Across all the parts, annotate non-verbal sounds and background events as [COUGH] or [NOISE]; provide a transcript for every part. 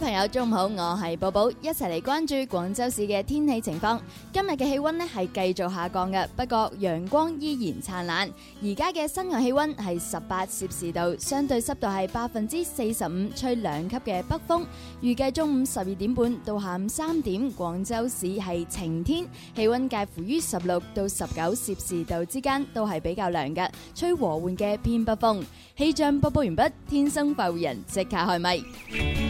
朋友中午好，我係寶寶，一齊嚟關注廣州市嘅天氣情況。今日嘅氣溫呢係繼續下降嘅，不過陽光依然燦爛。而家嘅室外氣溫係十八攝氏度，相對濕度係百分之四十五，吹兩級嘅北風。預計中午十二點半到下午三點，廣州市係晴天，氣溫介乎於十六到十九攝氏度之間，都係比較涼嘅，吹和緩嘅偏北風。氣象播報完畢，天生快活人即刻開咪。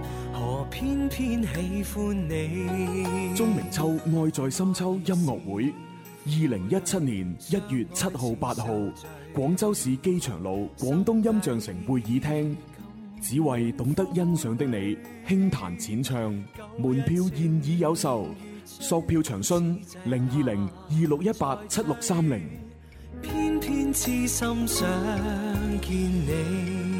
我偏偏喜歡你。鍾明秋愛在深秋音樂會，二零一七年一月七號、八號，廣州市機場路廣東音像城貝爾廳，只為懂得欣賞的你輕彈淺唱，門票現已有售，索票詳詢零二零二六一八七六三零，偏偏痴心想見你。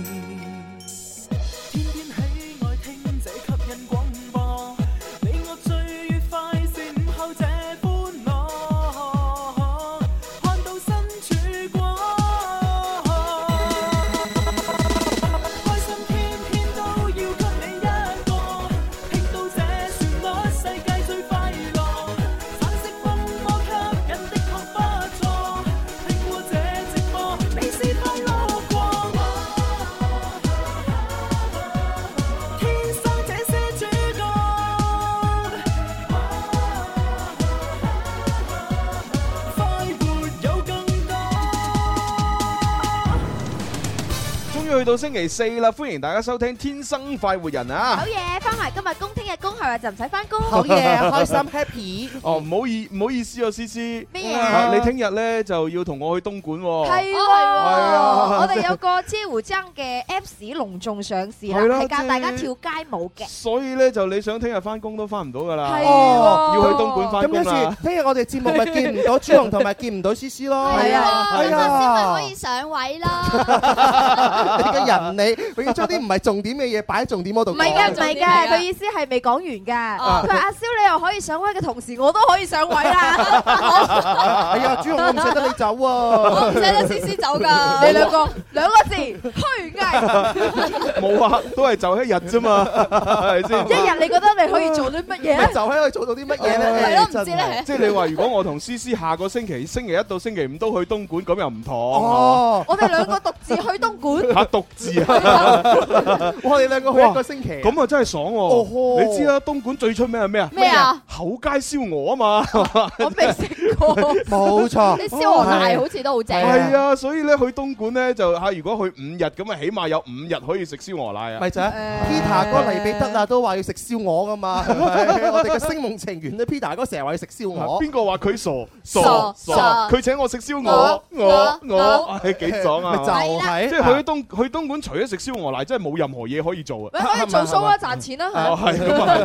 去到星期四啦，歡迎大家收聽《天生快活人》啊！好嘢，翻埋今日工，聽日工係咪就唔使翻工？好嘢，開心 happy。哦，唔好意，唔好意思啊，思思。咩嘢？你聽日咧就要同我去東莞。係，我哋有個知乎張嘅 Apps 隆重上市啦，係教大家跳街舞嘅。所以咧，就你想聽日翻工都翻唔到噶啦。係，要去東莞翻工啊！聽日我哋節目咪見唔到朱龍同埋見唔到思思咯。係啊，咁就可以上位啦。啲嘅人，你佢要將啲唔係重點嘅嘢擺喺重點嗰度。唔係嘅，唔係嘅，佢意思係未講完㗎。佢話阿蕭，你又可以上位嘅同時，我都可以上位啦。係啊，朱紅都唔捨得你走啊！我唔捨得思思走㗎。你兩個兩個字虛偽。冇啊，都係就一日啫嘛，係咪先？一日你覺得你可以做啲乜嘢？就喺度可以做到啲乜嘢咧？係咯，都唔知咧。即係你話，如果我同思思下個星期星期一到星期五都去東莞，咁又唔妥。哦，我哋兩個獨自去東莞。獨自啊！哇，我哋兩個去一個星期，咁啊真係爽喎！你知啦，東莞最出名係咩啊？咩啊？厚街燒鵝啊嘛！我未食過，冇錯。啲燒鵝奶好似都好正。係啊，所以咧去東莞咧就嚇，如果去五日咁啊，起碼有五日可以食燒鵝奶啊！咪就係 Peter 哥黎彼得啊，都話要食燒鵝㗎嘛！我哋嘅星夢情緣咧，Peter 哥成日話要食燒鵝。邊個話佢傻？傻傻！佢請我食燒鵝，我我係幾爽啊！就係即係去東。去東莞除咗食燒鵝奶，真係冇任何嘢可以做啊！你可以做蘇啊賺錢啦，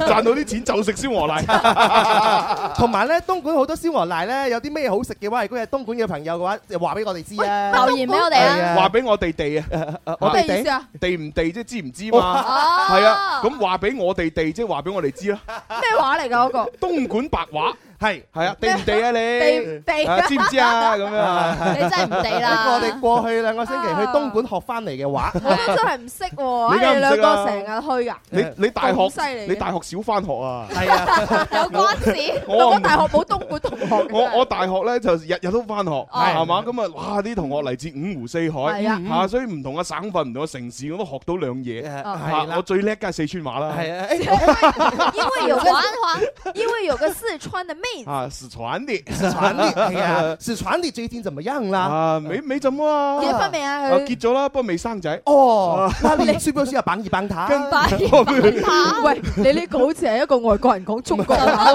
賺到啲錢就食燒鵝奶。同埋咧，東莞好多燒鵝奶咧，有啲咩好食嘅話，如果係東莞嘅朋友嘅話，就話俾我哋知啦。留言俾我哋啊！話俾、哎、呀我哋哋啊！我哋地啊！地唔地啫？知唔知嘛？係啊！咁話俾我哋地我，即係話俾我哋知啦。咩話嚟㗎？嗰個東莞白話。係係啊，地唔地啊你？地唔地知唔知啊？咁樣啊，你真係唔地啦。我哋過去兩個星期去東莞學翻嚟嘅話，我都真係唔識喎。你哋兩個成日去噶。你你大學犀利你大學少翻學啊？啊，有關事。我我大學冇東莞同學。我我大學咧就日日都翻學，係嘛？咁啊，哇！啲同學嚟自五湖四海，嚇，所以唔同嘅省份，唔同嘅城市，我都學到兩嘢。係啦，我最叻梗係四川話啦。係啊，因為有個因為有個四川嘅。啊，四川的，四川的，係啊，四川的最近怎麼樣啦？啊，沒沒怎麼啊，結婚未啊？結咗啦，不過未生仔。哦，你書本上係扮熱扮塔？扮熱扮塔？喂，你呢個好似係一個外國人講中國話。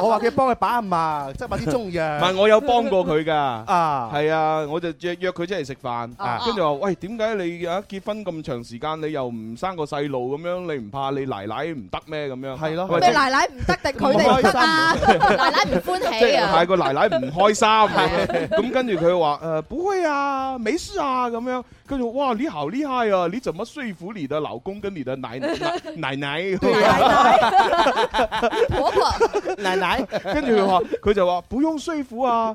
我話佢幫佢扮啊嘛，即係買啲中藥。唔係我有幫過佢噶，啊，係啊，我就約約佢出嚟食飯，跟住話喂，點解你啊結婚咁長時間，你又唔生個細路咁樣？你唔怕你奶奶唔得咩？咁樣係咯，你奶奶唔得定佢哋唔得啊？ [NOISE] 奶奶唔歡喜啊！係 [LAUGHS] 個奶奶唔開心、 [LAUGHS] [LAUGHS] 嗯，咁跟住佢話誒，不會啊，沒事啊，咁樣，跟住哇，你好厲害啊！你怎麼說服你的老公跟你，你的奶奶奶奶？婆婆 [LAUGHS] 奶奶，跟住佢話，佢就話不用說服啊。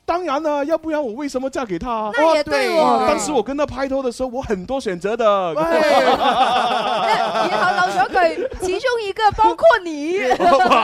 當然啦，要不然我為什麼嫁給他？當時我跟佢拍拖的時候，我很多選擇的。然後漏咗佢，其中一個包括你，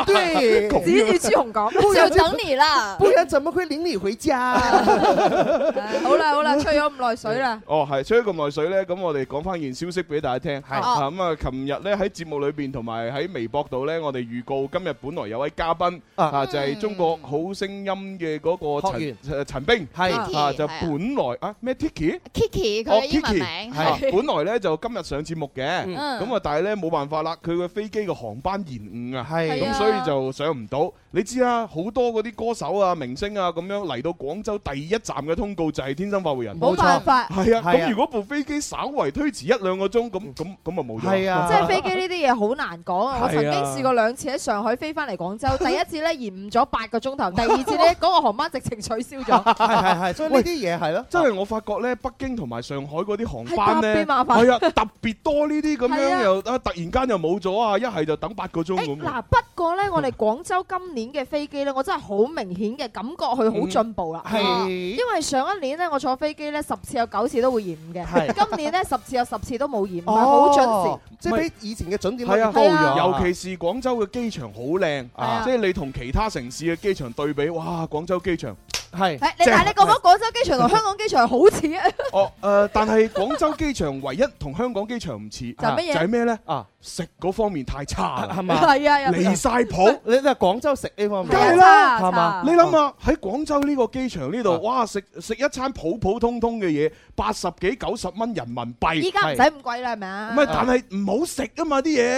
對，直接去香港就等你啦，不然怎麼會領你回家？好啦好啦，吹咗咁耐水啦。哦，係吹咗咁耐水咧，咁我哋講翻件消息俾大家聽。係，咁啊，琴日咧喺節目裏邊同埋喺微博度咧，我哋預告今日本來有位嘉賓啊，就係中國好聲音嘅嗰個陳陳冰，係啊，就本來啊咩 Tiki Kiki 佢英文名係，本來咧就今日上節目嘅，咁啊但係咧冇辦法啦，佢嘅飛機嘅航班延誤啊，係咁所以就上唔到。你知啦，好多嗰啲歌手啊、明星啊咁樣嚟到廣州第一站嘅通告就係天生快活人，冇辦法係啊。咁如果部飛機稍為推遲一兩個鐘，咁咁咁啊冇咗。係啊，即係飛機呢啲嘢好難講啊。我曾經試過兩次喺上海飛翻嚟廣州，第一次咧延誤咗八個鐘頭，第二次咧嗰個航班直情取消咗，係係係，所以呢啲嘢係咯。真係我發覺咧，北京同埋上海嗰啲航班咧，係特別麻煩。係啊，特別多呢啲咁樣又突然間又冇咗啊，一係就等八個鐘咁。嗱，不過咧，我哋廣州今年嘅飛機咧，我真係好明顯嘅感覺，佢好進步啦。係，因為上一年咧，我坐飛機咧十次有九次都會延誤嘅。今年咧十次有十次都冇延誤，好準時。即係比以前嘅準點都高咗。尤其是廣州嘅機場好靚，即係你同其他城市嘅機場對比，哇！廣州機場。係，但你覺唔覺得廣州機場同香港機場好似啊？哦，誒，但係廣州機場唯一同香港機場唔似就係乜嘢？就係咩咧？啊，食嗰方面太差啦，係嘛？係啊，離晒譜！你你話廣州食呢方面梗係啦，係嘛？你諗下喺廣州呢個機場呢度，哇！食食一餐普普通通嘅嘢，八十幾九十蚊人民幣。依家唔使咁貴啦，係咪啊？唔係，但係唔好食啊嘛啲嘢。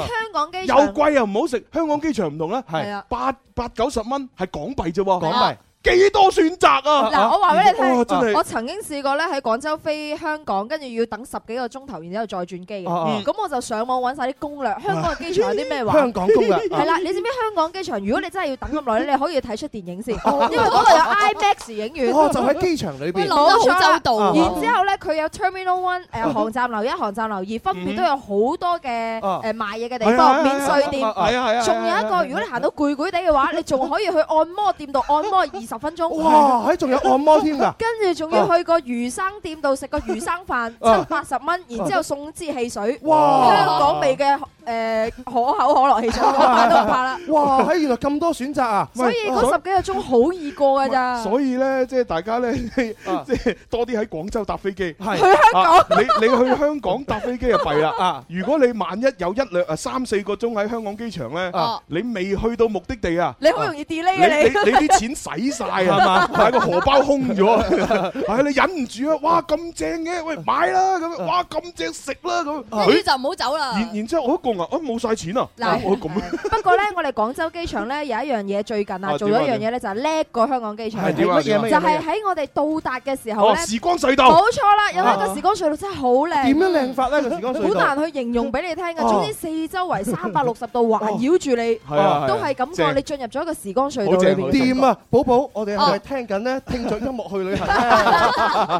香港機場又貴又唔好食，香港機場唔同啦，係八八九十蚊係港幣啫喎，港幣。幾多選擇啊！嗱，我話俾你聽，我曾經試過咧，喺廣州飛香港，跟住要等十幾個鐘頭，然之後再轉機。咁我就上網揾晒啲攻略，香港嘅機場有啲咩話？香港攻略係啦，你知唔知香港機場？如果你真係要等咁耐咧，你可以睇出電影先，因為嗰度有 IMAX 影院。哦，就喺機場裏邊。攞得好周到。然之後咧，佢有 Terminal One，誒，航站樓一、航站樓二，分別都有好多嘅誒賣嘢嘅地方，免稅店。仲有一個，如果你行到攰攰地嘅話，你仲可以去按摩店度按摩十分鐘，哇！仲的有按摩添㗎，跟住仲要去個魚生店度食個魚生飯，啊、七八十蚊，然之後送支汽水，哇！香港味嘅。誒，可口可樂，起咗，翻到嚟，怕啦！哇，喺原來咁多選擇啊！所以嗰十幾個鐘好易過噶咋？所以咧，即係大家咧，即係多啲喺廣州搭飛機。係去香港，你你去香港搭飛機就弊啦啊！如果你萬一有一兩啊三四個鐘喺香港機場咧，你未去到目的地啊，你好容易 delay 你，你啲錢使晒啊嘛，買個荷包空咗，係你忍唔住啊！哇，咁正嘅，喂，買啦咁，哇，咁正食啦咁，佢就唔好走啦。然然之後我啊！冇曬錢啊！嗱，我咁。不過咧，我哋廣州機場咧有一樣嘢，最近啊做咗一樣嘢咧，就係叻過香港機場。乜嘢？就係喺我哋到達嘅時候咧。時光隧道。冇錯啦，有一個時光隧道真係好靚。點樣靚法咧？個時光隧道。好難去形容俾你聽嘅。總之四周圍三百六十度環繞住你，都係感覺你進入咗一個時光隧道裏面。好正。掂啊！寶寶，我哋係咪聽緊咧？聽著音樂去旅行，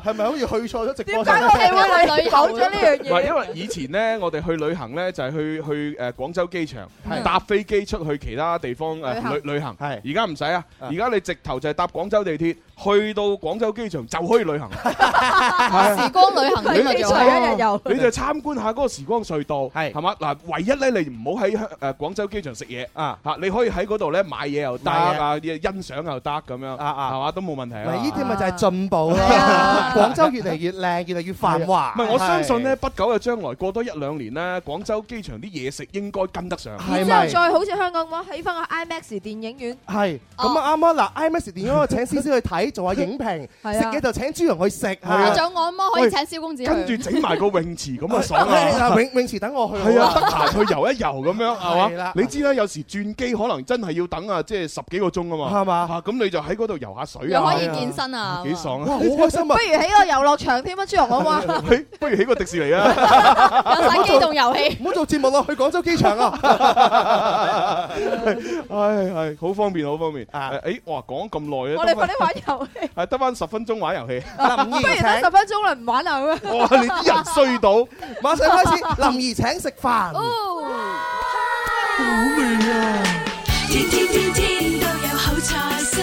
係咪好似去錯咗直播室？點解我哋會旅行？講咗呢樣嘢。唔係，因為以前咧，我哋去旅行咧，就係去。去誒廣、呃、州機場的搭飛機出去其他地方誒旅、呃、旅行，而家唔使啊！而家你直頭就係搭廣州地鐵。去到廣州機場就可以旅行，時光旅行，機場一日遊，你就參觀下嗰個時光隧道，係係嘛？嗱，唯一咧，你唔好喺香誒廣州機場食嘢啊嚇！你可以喺嗰度咧買嘢又得啊，啲欣賞又得咁樣啊啊，係嘛都冇問題啊！依啲咪就係進步啦，廣州越嚟越靚，越嚟越繁華。唔係我相信咧，不久嘅將來過多一兩年咧，廣州機場啲嘢食應該跟得上，係咪？然後再好似香港咁樣起翻個 IMAX 電影院，係咁啊啱啊！嗱，IMAX 電影我請思思去睇。做下影評，食嘢，就請朱融去食，做按摩可以請蕭公子，跟住整埋個泳池咁啊爽啊！泳、泳池等我去，得閒去游一游咁樣係嘛？你知啦，有時轉機可能真係要等啊，即係十幾個鐘啊嘛，係嘛？咁你就喺嗰度游下水又可以健身啊，幾爽啊！好開心啊！不如起個遊樂場添啊，朱融好唔好？不如起個迪士尼啊，玩機動遊戲。唔好做節目啦，去廣州機場啊！係，係好方便，好方便。誒，哇，講咁耐我哋快啲玩遊。係得翻十分鐘玩遊戲，不如得十分鐘啦，唔玩啦咁。哇！你啲人衰到，馬上開始，林兒請食飯。好味啊！天天天天都有好彩色，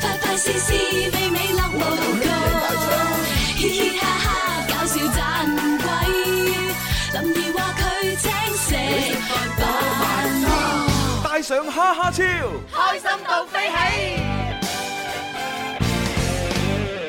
快快試試美美樂無窮。嘻嘻哈哈搞笑盞鬼，林兒話佢請食。你帶上哈哈超，開心到飛起。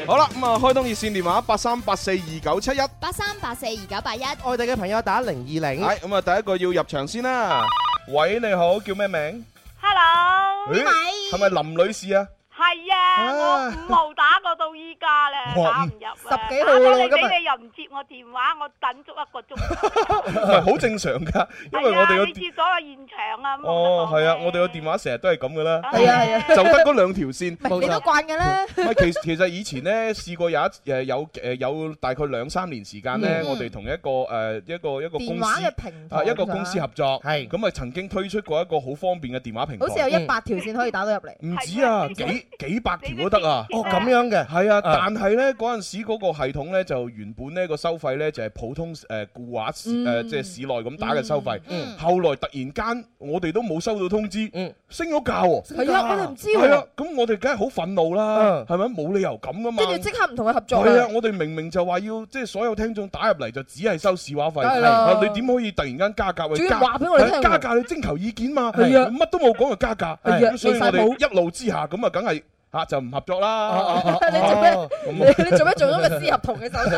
好啦，咁、嗯、啊，開通熱線電話八三八四二九七一，八三八四二九八一，81, 外地嘅朋友打零二零。係、哎，咁、嗯、啊，第一個要入場先啦。喂，你好，叫咩名？Hello，係咪、哎、林女士啊？係啊，我五號打過到依家咧，打唔入。十幾號嚟嘅嘛。咁你又唔接我電話，我等足一個鐘。唔係好正常㗎，因為我哋有。啊，你試過現場啊？哦，係啊，我哋個電話成日都係咁㗎啦。係啊係啊，就得嗰兩條線。唔係你都慣㗎咧。唔係其其實以前咧試過有一誒有誒有大概兩三年時間咧，我哋同一個誒一個一個電話嘅平台啊一個公司合作係咁啊，曾經推出過一個好方便嘅電話平台。好似有一百條線可以打到入嚟。唔止啊，幾？幾百條都得啊！哦，咁樣嘅，係啊。但係咧嗰陣時嗰個系統咧就原本呢個收費咧就係普通誒固話市誒即係市內咁打嘅收費。後來突然間我哋都冇收到通知，升咗價喎。係啊，我哋唔知喎。係啊，咁我哋梗係好憤怒啦，係咪？冇理由咁噶嘛。你哋即刻唔同佢合作。係啊，我哋明明就話要即係所有聽眾打入嚟就只係收市話費。你點可以突然間加價為？專話俾我哋聽。加價你徵求意見嘛？係啊。乜都冇講就加價。係啊。所以我哋一怒之下咁啊，梗係。啊，就唔合作啦！你做咩？你做咩做咗個私合同嘅手？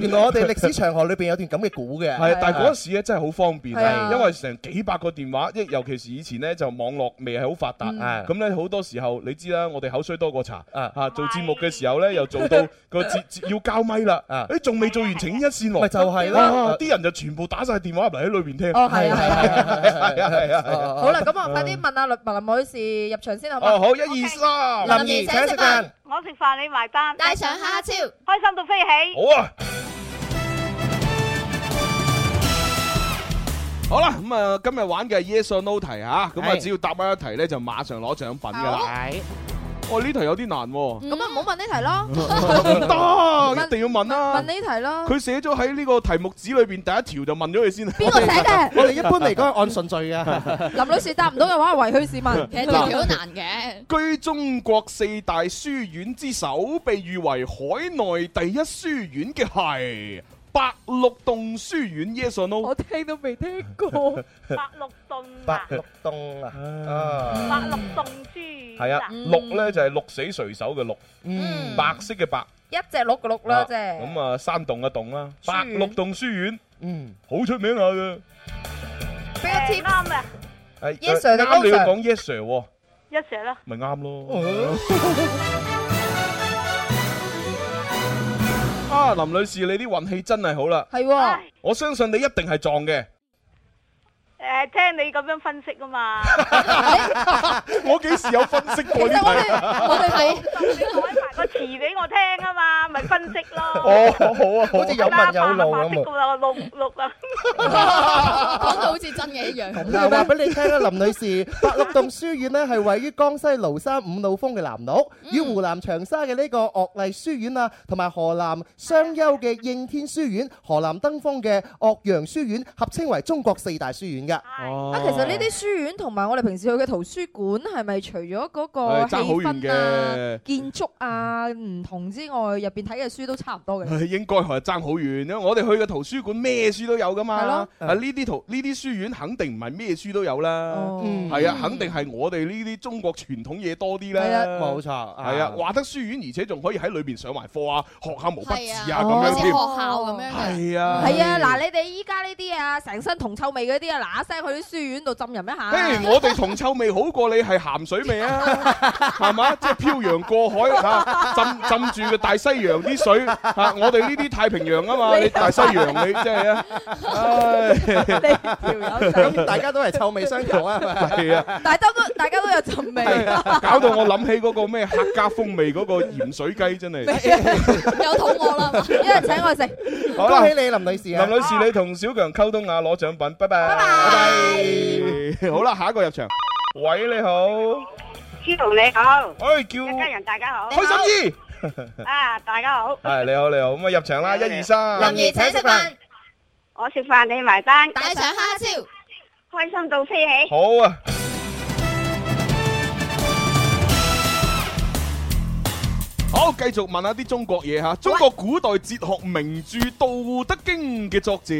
原來我哋歷史長河裏邊有段咁嘅故嘅。係，但係嗰時咧真係好方便，因為成幾百個電話，一尤其是以前咧就網絡未係好發達，咁咧好多時候你知啦，我哋口水多過茶啊！啊，做節目嘅時候咧又做到個節節要交咪啦啊！哎，仲未做完，停一線咪就係啦，啲人就全部打晒電話入嚟喺裏邊聽。哦，係啊，係啊，係啊，係啊！好啦，咁我快啲問阿林林唔好意思入場先好唔好？好。一二三，林怡請食飯，我食飯你埋單，帶上蝦超，開心到飛起。好啊，好啦，咁啊，今日玩嘅 Yes or No 題啊，咁啊，只要答得一題咧，就馬上攞獎品噶啦。係。呢、哦、題有啲難喎、哦，咁啊唔好問呢題咯，唔得 [LAUGHS] 、啊，一定要問啦、啊，問呢題咯。佢寫咗喺呢個題目紙裏邊，第一條就問咗佢先。邊個寫嘅？ [LAUGHS] [LAUGHS] 我哋一般嚟講係按順序嘅。 [LAUGHS] [LAUGHS] 林女士答唔到嘅話，維去市民其實都幾難嘅。居中國四大書院之首，被譽為海內第一書院嘅係。白鹿洞書院，Yes or no？我聽都未聽過白鹿洞啊！白鹿洞啊！啊！白鹿洞書院係啊，鹿咧就係鹿死誰手嘅鹿，白色嘅白，一隻鹿嘅鹿啦，即係咁啊，山洞嘅洞啦，白鹿洞書院，嗯，好出名下嘅，俾個貼啱嘅，係 Yes sir 嘅 O，啱你講 Yes sir，Yes sir 啦，咪啱咯。啊，林女士，你啲運氣真係好啦，係、哎，我相信你一定係撞嘅。誒、呃，聽你咁樣分析啊嘛， [LAUGHS] [LAUGHS] [LAUGHS] 我幾時有分析過呢？我哋你，你講埋個詞俾我聽啊嘛，咪分析咯。哦，好，好，好啊，好似有紋有路咁啦，我錄錄啦。講到 [LAUGHS] 好似真嘅一樣。嚟話俾你聽啊。 [LAUGHS] 林女士，白鹿洞書院咧係位於江西廬山五老峰嘅南麓，與、嗯、湖南長沙嘅呢個岳麓書院啊，同埋河南商丘嘅應天書院、河南登封嘅岳陽書院合稱為中國四大書院噶。的啊，其實呢啲書院同埋我哋平時去嘅圖書館係咪除咗嗰個氣氛啊、建築啊唔同之外，入邊睇嘅書都差唔多嘅？應該係爭好遠，因為我哋去嘅圖書館咩書都有噶嘛。係咯，啊呢啲圖呢啲書院肯定唔係咩書都有啦，係啊，肯定係我哋呢啲中國傳統嘢多啲啦，冇錯，係啊，話得書院，而且仲可以喺裏邊上埋課啊，學下毛筆字啊咁樣添，好似學校咁樣，係啊，係啊，嗱你哋依家呢啲啊，成身銅臭味嗰啲啊，嗱一聲去啲書院度浸淫一下，嘿，我哋銅臭味好過你係鹹水味啊，係嘛，即係漂洋過海啊，浸浸住個大西洋啲水啊，我哋呢啲太平洋啊嘛，你大西洋你即係啊。哎，咁大家都係臭味相投啊！係啊，大家都大家都有陣味啊！搞到我諗起嗰個咩客家風味嗰個鹽水雞真係，有肚餓啦，有人請我食。恭喜你，林女士，林女士你同小強溝通啊，攞獎品，拜拜，拜拜。好啦，下一個入場，喂，你好，司徒你好，哎，叫家人，大家好，開心姨，啊，大家好，係你好，你好，咁啊，入場啦，一二三，林姨請食飯。我食飯你埋單，大腸叉燒，開心到飛起。好啊，好，繼續問下啲中國嘢吓。中國古代哲學名著《道德經》嘅作者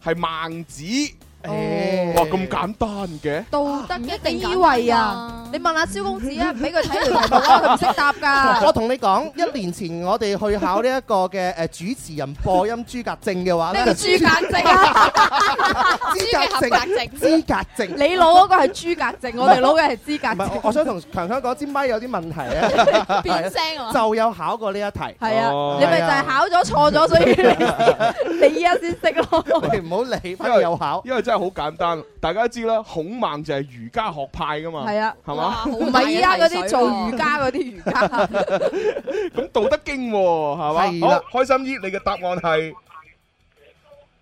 係孟子。哦，哇，咁簡單嘅道德一定以位啊！你問下蕭公子啊，俾佢睇條題目啊，佢唔識答㗎。我同你講，一年前我哋去考呢一個嘅誒主持人播音資格證嘅話咧，資格證啊，資格證，資格證。你攞嗰個係資格證，我哋攞嘅係資格。唔，我想同強強講支麥有啲問題啊。變聲啊！就有考過呢一題。係啊，你咪就係考咗錯咗，所以你你依家先識咯。你唔好理，反正有考，因為真係好簡單，大家都知啦，孔孟就係儒家學派噶嘛，係啊，係嘛，唔係依家嗰啲做瑜伽嗰啲瑜伽。咁《道德經》係嘛？開心姨，你嘅答案係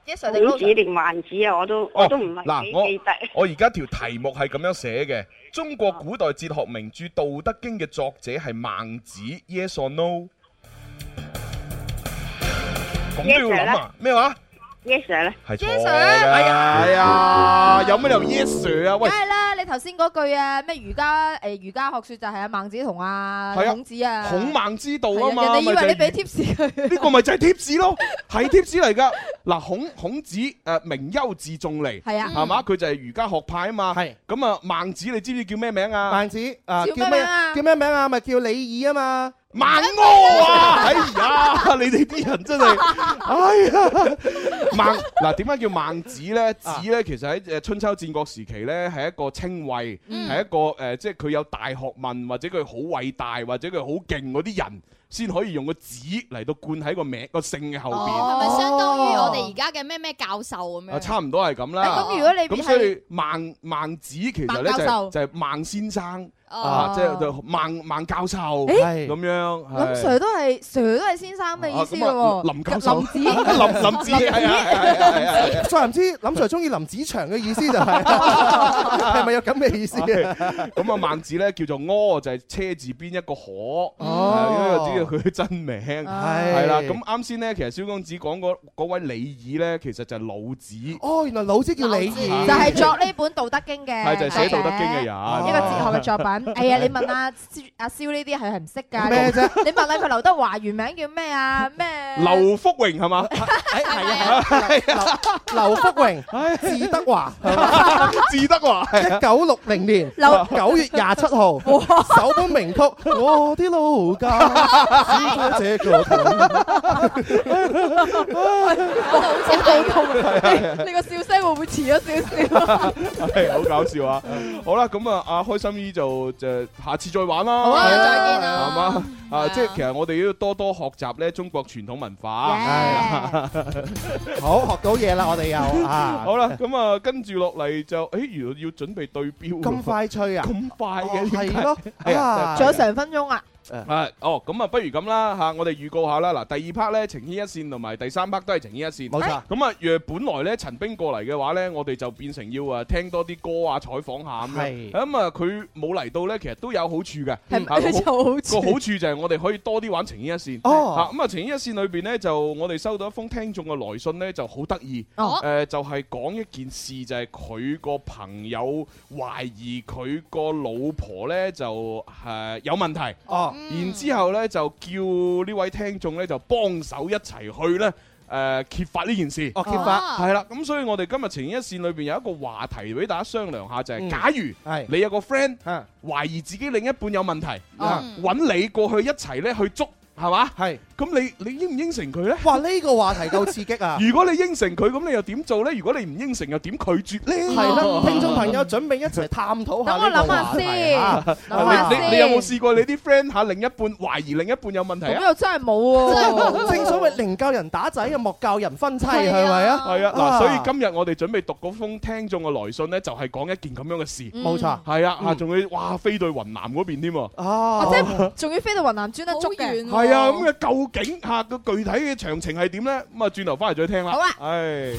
？Yes or no？老子定孟子啊，我都我都唔係。嗱，我我而家條題目係咁樣寫嘅：中國古代哲學名著《道德經》嘅作者係孟子。Yes or no？咁都要諗啊，咩話？Yes sir 咧，係 Yes sir 係啊，有咩用 Yes sir 啊喂？梗係啦，你頭先嗰句啊，咩儒家誒儒家學說就係阿孟子同阿孔子啊，孔孟之道啊嘛。人哋以為你俾貼士，佢，呢個咪就係貼士咯，係貼士嚟噶。嗱，孔孔子誒名優自重嚟係啊，係嘛？佢就係儒家學派啊嘛。係咁啊孟子，你知唔知叫咩名啊？孟子啊叫咩？叫咩名啊？咪叫李耳嘛？孟軻啊，哎呀，你哋啲人真係，哎呀，孟嗱點解叫孟子咧？子咧其實喺誒春秋戰國時期咧係一個稱謂，係一個誒即係佢有大學問或者佢好偉大或者佢好勁嗰啲人，先可以用個子嚟到冠喺個名個姓嘅後邊。係咪、啊哦、相當於我哋而家嘅咩咩教授咁樣？啊，差唔多係咁啦。咁、哎、如果你咁所以孟孟子其實咧就是、教就係孟先生。啊！即係孟孟教授，咁樣林 Sir 都係 Sir 都係先生嘅意思嘅喎。林林子林林子係啊係啊！所以林子林 Sir 中意林子祥嘅意思就係係咪有咁嘅意思嘅？咁啊孟子咧叫做軻，就係車字邊一個可，因為知道佢嘅真名係啦。咁啱先咧，其實蕭公子講嗰位李耳咧，其實就係老子。哦，原來老子叫李耳，就係作呢本《道德經》嘅，係就係寫《道德經》嘅人，一個哲學嘅作品。哎呀，你問阿、啊、阿蕭呢啲係係唔識㗎咩啫？你問下佢劉德華原名叫咩啊？咩？劉福榮係嘛？係、 [LAUGHS] 哎、啊，係啊 [LAUGHS] ，劉福榮，志德華，志 [LAUGHS] 德華，一九六零年九月廿七號，首本名曲《我啲老家》，只講這個 [LAUGHS] [LAUGHS] [LAUGHS] [LAUGHS] [LAUGHS] 好痛，只講痛。你個笑聲會唔會遲咗少少？係 [LAUGHS] [LAUGHS] 好搞笑啊！好啦，咁、嗯、啊，阿開心姨就。就下次再玩啦，好、啊，啊、再見啦，係嘛吧？啊，啊，即係其實我哋要多多學習咧中國傳統文化。Yeah. [LAUGHS] 好，學到嘢啦，我哋又，啊、 [LAUGHS] 好啦，咁啊，跟住落嚟就，誒、欸，原來要準備對標，咁快吹啊，咁快嘅，係咯，係呀。仲有成分鐘啊。係哦，咁啊不如咁啦吓，我哋預告下啦。嗱，第二 part 咧，情牽一線同埋第三 part 都係情牽一線。冇錯。咁啊，若本來咧陳兵過嚟嘅話咧，我哋就變成要啊聽多啲歌啊，採訪下咁樣。係。咁啊，佢冇嚟到咧，其實都有好處嘅。係佢就好處。個好處就係我哋可以多啲玩情牽一線。哦。嚇咁啊，情牽一線裏邊咧就我哋收到一封聽眾嘅來信咧就好得意。哦。誒就係講一件事，就係佢個朋友懷疑佢個老婆咧就係有問題。哦。然之後呢，就叫呢位聽眾呢，就幫手一齊去呢誒、呃、揭發呢件事。哦，揭發係啦。咁、啊、所以我，我哋今日情一線裏邊有一個話題俾大家商量下，就係、是、假如係你有個 friend 懷疑自己另一半有問題，揾、嗯、你過去一齊呢去捉，係嘛？係。咁你你應唔應承佢咧？哇！呢個話題夠刺激啊！如果你應承佢，咁你又點做咧？如果你唔應承，又點拒絕咧？係啦，聽眾朋友準備一齊探討下呢個話題。等我諗下先。你你有冇試過你啲 friend 下另一半懷疑另一半有問題啊？又真係冇喎。正所謂寧教人打仔，又莫教人分妻，係咪啊？係啊！嗱，所以今日我哋準備讀嗰封聽眾嘅來信咧，就係講一件咁樣嘅事。冇錯。係啊，啊仲要哇飛到雲南嗰邊添啊！或者仲要飛到雲南轉得捉嘅。係啊，咁嘅夠。警客嘅具體嘅詳情係點咧？咁啊，轉頭翻嚟再聽啦。好啊，係。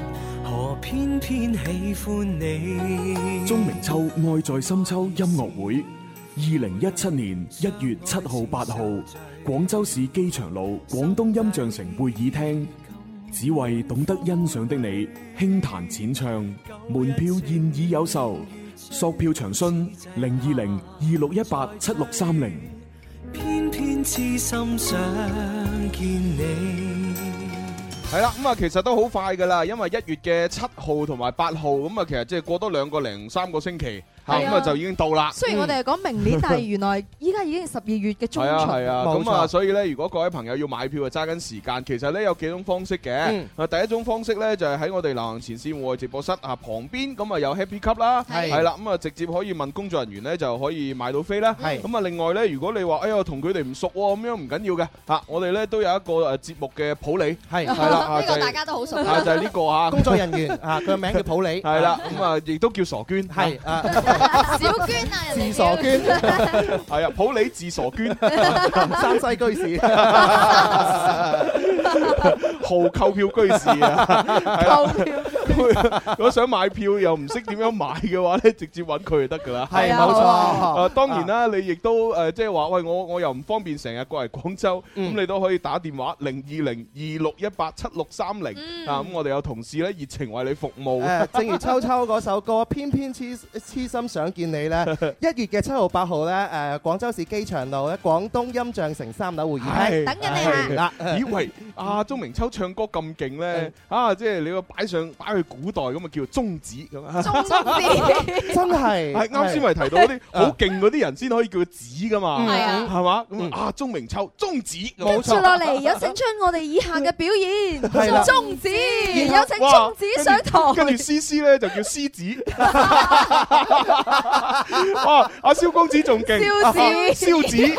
偏偏喜歡你。鍾明秋愛在深秋音樂會，二零一七年一月七號、八號，廣州市機場路廣東音像城會議廳，只為懂得欣賞的你，輕彈淺唱，門票現已有售，索票詳詢零二零二六一八七六三零，偏偏痴心想見你。係啦，咁啊、嗯，其實都好快噶啦，因為一月嘅七號同埋八號，咁、嗯、啊，其實即係過兩多兩個零三個星期。咁啊，就已經到啦。雖然我哋係講明年，但係原來依家已經十二月嘅中旬。係啊，係啊，咁啊，所以咧，如果各位朋友要買票啊，揸緊時間。其實咧有幾種方式嘅。嗯。啊，第一種方式咧就係喺我哋流行前線戶外直播室啊旁邊，咁啊有 Happy Cup 啦。係。係啦，咁啊直接可以問工作人員咧就可以買到飛啦。係。咁啊，另外咧，如果你話哎唷同佢哋唔熟咁樣唔緊要嘅。嚇，我哋咧都有一個誒節目嘅普理。係。係啦。呢個大家都好熟。啊，就係呢個啊。工作人員啊，佢個名叫普理。係啦。咁啊，亦都叫傻娟。係。小娟啊，自傻娟係啊，普洱自傻娟，山西居士，豪購票居士啊，購票居士。如果想買票又唔識點樣買嘅話咧，直接搵佢就得噶啦。係冇錯。當然啦，你亦都誒，即係話喂，我我又唔方便成日過嚟廣州，咁你都可以打電話零二零二六一八七六三零啊。咁我哋有同事咧，熱情為你服務。正如秋秋嗰首歌，偏偏痴痴心，想見你咧，一月嘅七號八號咧，誒，廣州市機場路咧廣東音像城三樓會議廳，等緊你啊！以為阿鐘明秋唱歌咁勁咧，啊，即係你個擺上擺去古代咁啊，叫做鐘子咁啊，鐘子真係，係啱先咪提到嗰啲好勁嗰啲人先可以叫指噶嘛，係啊，係嘛，咁啊，鐘明秋中指？冇錯。落嚟有請出我哋以下嘅表演，叫鐘子，有請中指上堂，跟住詩詩咧就叫獅子。哇！阿蕭公子仲勁，燒紙，燒紙，真係燒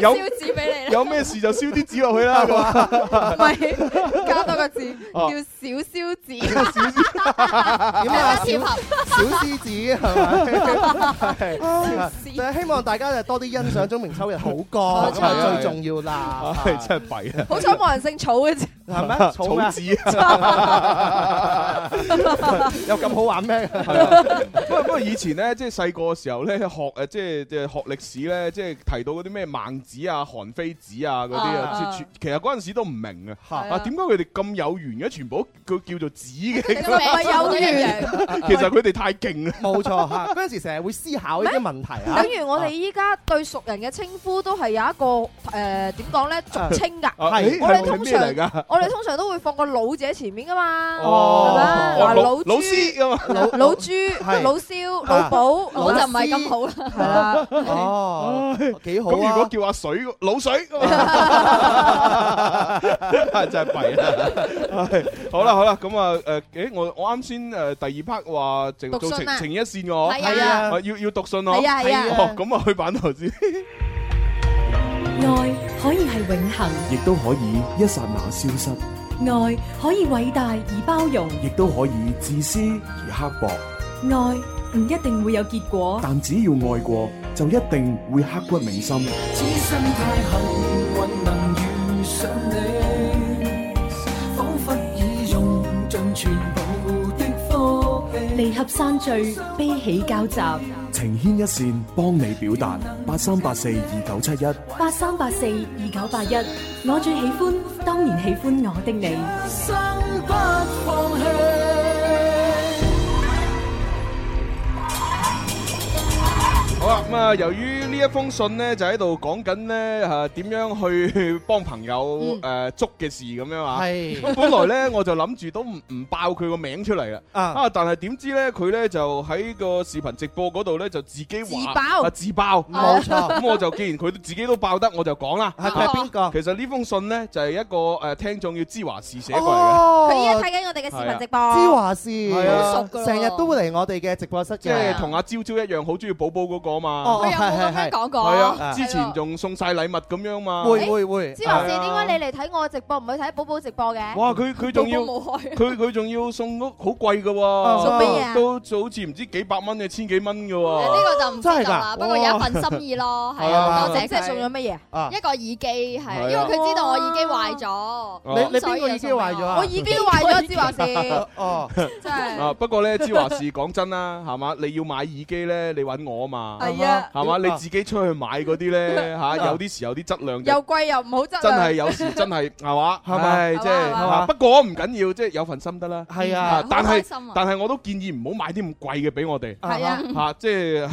紙俾你啦！有咩事就燒啲紙落去啦，係嘛？唔係加多個字，叫小燒紙。點啊？小獅子，係嘛？希望大家就多啲欣賞鍾明秋日好歌，最重要啦。真係弊啦！好彩冇人姓草嘅。係咩？草紙啊！有咁好玩咩？不過不過以前咧，即係細個嘅時候咧，學誒即係即係學歷史咧，即係提到嗰啲咩孟子啊、韓非子啊嗰啲啊，其實嗰陣時都唔明嘅。啊點解佢哋咁有緣嘅？全部都叫做子嘅。其實佢哋太勁啦！冇錯嚇。嗰陣時成日會思考啲問題啊。等於我哋依家對熟人嘅稱呼都係有一個誒點講咧俗稱㗎。我哋通常我。我哋通常都會放個老字喺前面噶嘛，係咪？嗱老老師咁啊，老朱、老蕭、老寶，我就唔係咁好啦，係啦。哦，幾好啊！咁如果叫阿水老水，真係弊啦。好啦好啦，咁啊誒，誒我我啱先誒第二 part 話做情情一線嘅，係啊，要要讀信啊，係啊係啊，咁啊去版頭先。愛可以係永恆，亦都可以一剎那消失。愛可以偉大而包容，亦都可以自私而刻薄。愛唔一定會有結果，但只要愛過，就一定會刻骨銘心。此生太幸運，能遇上你，仿佛已用盡全部的科技。離合散聚，悲喜交集。情牽一線，幫你表達八三八四二九七一八三八四二九八一，81, 我最喜歡，當然喜歡我的你。生不放棄。好啦，咁啊，由於呢一封信呢，就喺度講緊呢吓點樣去幫朋友誒捉嘅事咁樣啊。係。咁本來呢，我就諗住都唔唔爆佢個名出嚟嘅。啊。但係點知呢？佢呢，就喺個視頻直播嗰度呢，就自己話自爆。冇錯。咁我就既然佢自己都爆得，我就講啦。係劈邊個？其實呢封信呢，就係一個誒聽眾叫芝華士寫過嚟嘅。佢依家睇緊我哋嘅視頻直播。芝華士。係。好熟噶。成日都會嚟我哋嘅直播室。即係同阿朝朝一樣，好中意寶寶嗰個。我嘛，係係係，之前仲送晒禮物咁樣嘛，會會會。芝華士，點解你嚟睇我直播，唔去睇寶寶直播嘅？哇，佢佢仲要，佢佢仲要送屋好貴噶，送乜嘢都好似唔知幾百蚊嘅千幾蚊噶。呢個就唔知道啦，不過有一份心意咯，係啊，多謝。即係送咗乜嘢，一個耳機係，因為佢知道我耳機壞咗，你邊個耳機壞咗啊？我耳機壞咗，芝華士。哦，真係。啊，不過咧，芝華士講真啦，係嘛，你要買耳機咧，你揾我啊嘛。係啊，係嘛？你自己出去買嗰啲咧，吓有啲時有啲質量又貴又唔好質量，真係有時真係係嘛，係嘛，即係不過唔緊要，即係有份心得啦。係啊，但係但係我都建議唔好買啲咁貴嘅俾我哋。係啊，吓即係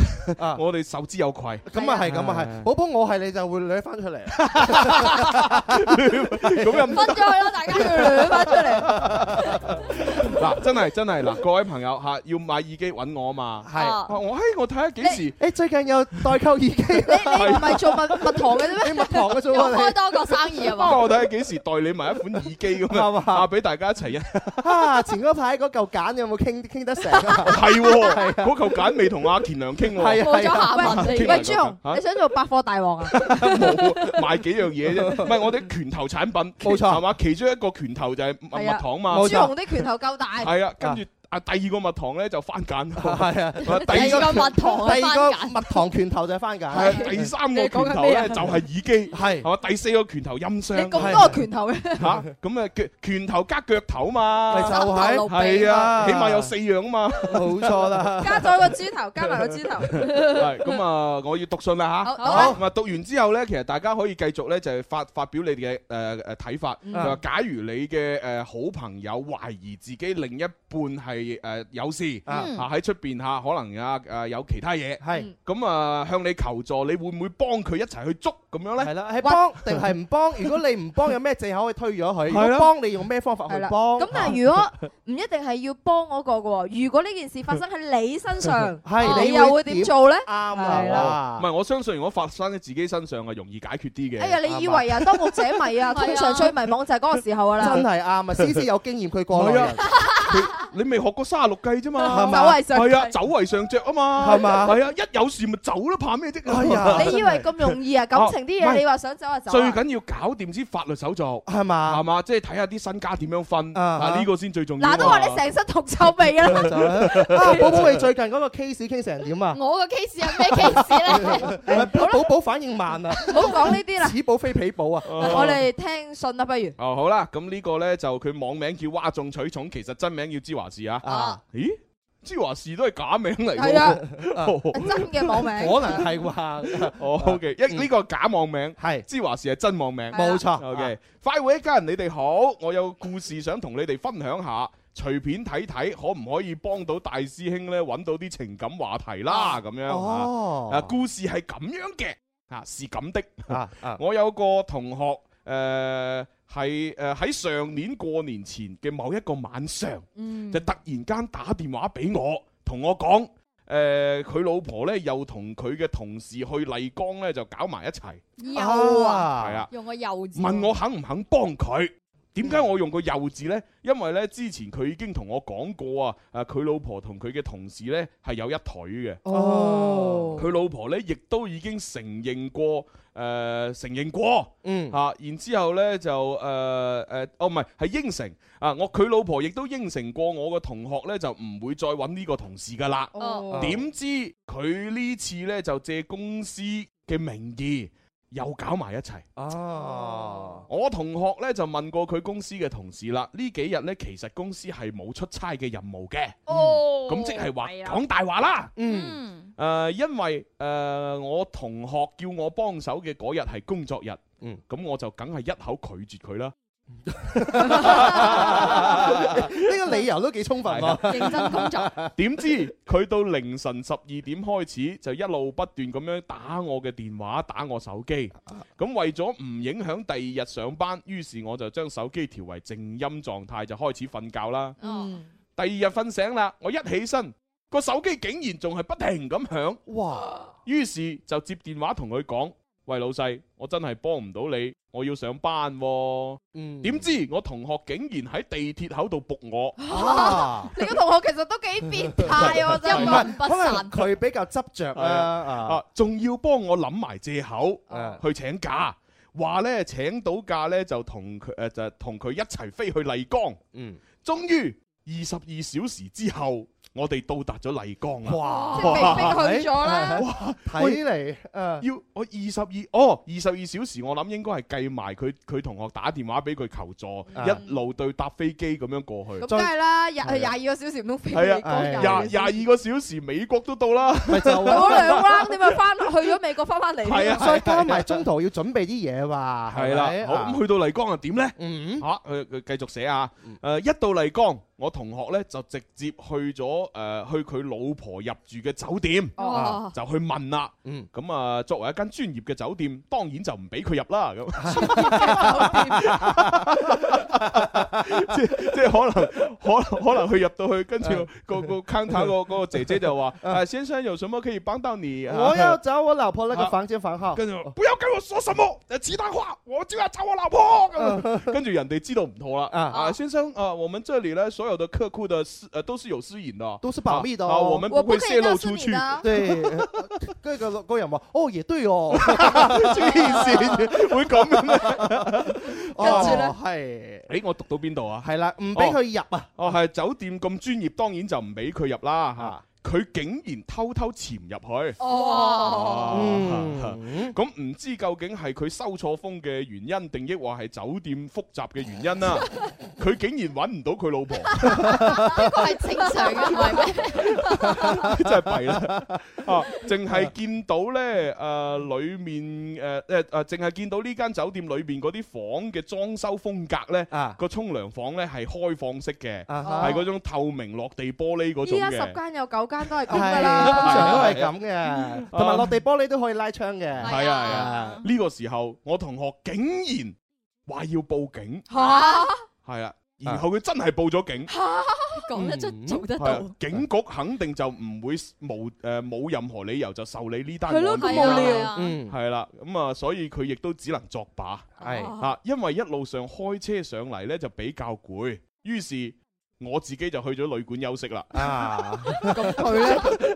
我哋受之有愧。咁啊係，咁啊係。寶寶，我係你就會攞翻出嚟。咁又分咗去啦，大家攞翻出嚟。嗱，真係真係嗱，各位朋友吓要買耳機揾我啊嘛。係，我嘿，我睇下幾時最近有代購耳機，你你唔係做蜜蜜糖嘅咩？你蜜糖嘅做開多個生意啊嘛！不過我睇下幾時代理埋一款耳機咁啊嘛，俾大家一齊一。啊！前嗰排嗰嚿揀有冇傾傾得成？係喎，嗰嚿揀未同阿田亮傾喎。冇咗下，喂朱紅，你想做百貨大王啊？冇，賣幾樣嘢啫。唔係我哋拳頭產品，冇錯，係嘛？其中一個拳頭就係蜜糖嘛。朱紅啲拳頭夠大。係啊，跟住。啊！第二個蜜糖咧就番梘，係啊！第二個蜜糖係番梘，蜜糖拳頭就係番梘，第三個拳頭咧就係耳機，係係嘛？第四個拳頭音箱，你咁多拳頭嘅嚇？咁啊拳拳頭加腳頭嘛，手頭露臂，係啊！起碼有四樣啊嘛，冇錯啦。加咗個豬頭，加埋個豬頭，係咁啊！我要讀信啦嚇，好啊！咁啊讀完之後咧，其實大家可以繼續咧就係發發表你哋嘅誒誒睇法。就假如你嘅誒好朋友懷疑自己另一半係。係誒有事啊，喺出邊吓，可能啊誒有其他嘢，係咁啊向你求助，你會唔會幫佢一齊去捉咁樣咧？係啦，係幫定係唔幫？如果你唔幫，有咩借口可以推咗佢？係咯，幫你用咩方法去幫？係啦，咁但係如果唔一定係要幫嗰個噶，如果呢件事發生喺你身上，你又會點做咧？啱啦，唔係我相信如果發生喺自己身上啊，容易解決啲嘅。哎呀，你以為啊，當局者迷啊，通常最迷茫就係嗰個時候啦。真係啱啊，思思有經驗，佢過來你未學過卅六計啫嘛，係嘛？係啊，走為上着啊嘛，係嘛？係啊，一有事咪走啦，怕咩啫？啊，你以為咁容易啊？感情啲嘢你話想走就走。最緊要搞掂啲法律手續，係嘛？係嘛？即係睇下啲身家點樣分啊！呢個先最重要。嗱，都話你成身銅臭味啦。啊，寶寶你最近嗰個 case 傾成點啊？我個 case 係咩 case 咧？寶寶反應慢啊！唔好講呢啲啦。此寶非彼寶啊！我哋聽信啦，不如。哦，好啦，咁呢個咧就佢網名叫嘩眾取寵，其實真名叫芝華士啊！咦，芝華士都係假名嚟？係啊，真嘅網名可能係嘛？O K，一呢個假網名係芝華士係真網名，冇錯。O K，快活一家人，你哋好，我有故事想同你哋分享下，隨便睇睇，可唔可以幫到大師兄咧揾到啲情感話題啦？咁樣啊？故事係咁樣嘅，啊，是咁的。啊，我有個同學誒。係誒喺上年過年前嘅某一個晚上，嗯、就突然間打電話俾我，同我講：誒、呃，佢老婆咧又同佢嘅同事去麗江咧就搞埋一齊，有、哦、啊，係啊，用個幼稚問我肯唔肯幫佢？點解我用個幼字呢？因為咧之前佢已經同我講過啊，誒、啊、佢老婆同佢嘅同事咧係有一腿嘅。哦，佢老婆咧亦都已經承認過，誒、呃、承認過，嗯嚇、啊。然之後呢就誒誒、呃呃，哦唔係係應承啊！我佢老婆亦都應承過我個同學呢就唔會再揾呢個同事噶啦。哦，點知佢呢次呢，就借公司嘅名義。又搞埋一齊。哦、啊，我同學呢就問過佢公司嘅同事啦，呢幾日呢，其實公司係冇出差嘅任務嘅。哦、嗯，咁即係話講大話啦。嗯，誒、呃，因為誒、呃、我同學叫我幫手嘅嗰日係工作日。嗯，咁我就梗係一口拒絕佢啦。呢個理由都幾充分喎！是的 [LAUGHS] 認真工作，點知佢到凌晨十二點開始就一路不斷咁樣打我嘅電話，打我手機。咁為咗唔影響第二日上班，於是我就將手機調為靜音狀態，就開始瞓覺啦。嗯，第二日瞓醒啦，我一起身個手機竟然仲係不停咁響，哇！於是就接電話同佢講。喂，老細，我真係幫唔到你，我要上班。嗯，點知我同學竟然喺地鐵口度仆我。啊，啊 [LAUGHS] 你個同學其實都幾變態，啊，一個人唔係，佢比較執着啦，啊，仲、啊、要幫我諗埋借口、啊、去請假，話呢，請到假呢就同佢誒就同佢一齊飛去麗江。嗯，終於二十二小時之後。我哋到達咗麗江啦！哇，被逼去咗啦！哇，睇嚟，誒，要我二十二哦，二十二小時，我諗應該係計埋佢佢同學打電話俾佢求助，一路對搭飛機咁樣過去。咁梗係啦，廿二個小時唔通飛到麗江？廿廿二個小時，美國都到啦！咪就兩啦，你咪翻去咗美國翻翻嚟。係啊，再加埋中途要準備啲嘢吧。係啦，咁去到麗江又點咧？嗯，吓，佢佢繼續寫啊！誒，一到麗江。我同學咧就直接去咗誒去佢老婆入住嘅酒店，就去問啦。嗯，咁啊作為一間專業嘅酒店，當然就唔俾佢入啦。咁，即即係可能可可能去入到去，跟住個個前台姐姐就話：啊先生有什麼可以幫到你？我要找我老婆那個房間房號。跟住不要跟我說什麼誒，其他話，我就要找我老婆。跟住人哋知道唔妥啦。啊先生，啊我們這裡咧所所有的客戶的私，呃，都是有私隱的，啊、都是保密的啊，啊，我們不會洩露出去。啊、對，各、呃啊、個人話，哦，也對哦，呢件事，會咁咩？跟住咧，係，誒，我讀到邊度啊？係啦、哎，唔俾佢入啊、哎、啊。哦，係、哎、酒店咁專業，當然就唔俾佢入啦，吓、啊。佢竟然偷偷潛入去，哇！咁唔知究竟係佢收錯風嘅原因，定抑或係酒店複雜嘅原因啦、啊？佢竟然揾唔到佢老婆，係正常嘅唔係咩？真係弊啦！啊，淨係見到咧誒、呃、裏面誒誒誒，淨係見到呢間酒店裏面啲房嘅裝修風格咧，啊、個沖涼房咧係開放式嘅，係、啊啊、種透明落地玻璃種，而家十間有九間。都係咁噶啦，通常都係咁嘅，同埋落地玻璃都可以拉窗嘅。係啊係啊，呢個時候我同學竟然話要報警，係啊，然後佢真係報咗警。吓，講得出做得到，警局肯定就唔會冇誒冇任何理由就受理呢單嘢，咁無聊。係啦，咁啊，所以佢亦都只能作罷。係啊，因為一路上開車上嚟咧，就比較攰，於是。我自己就去咗旅館休息啦。啊，咁佢呢？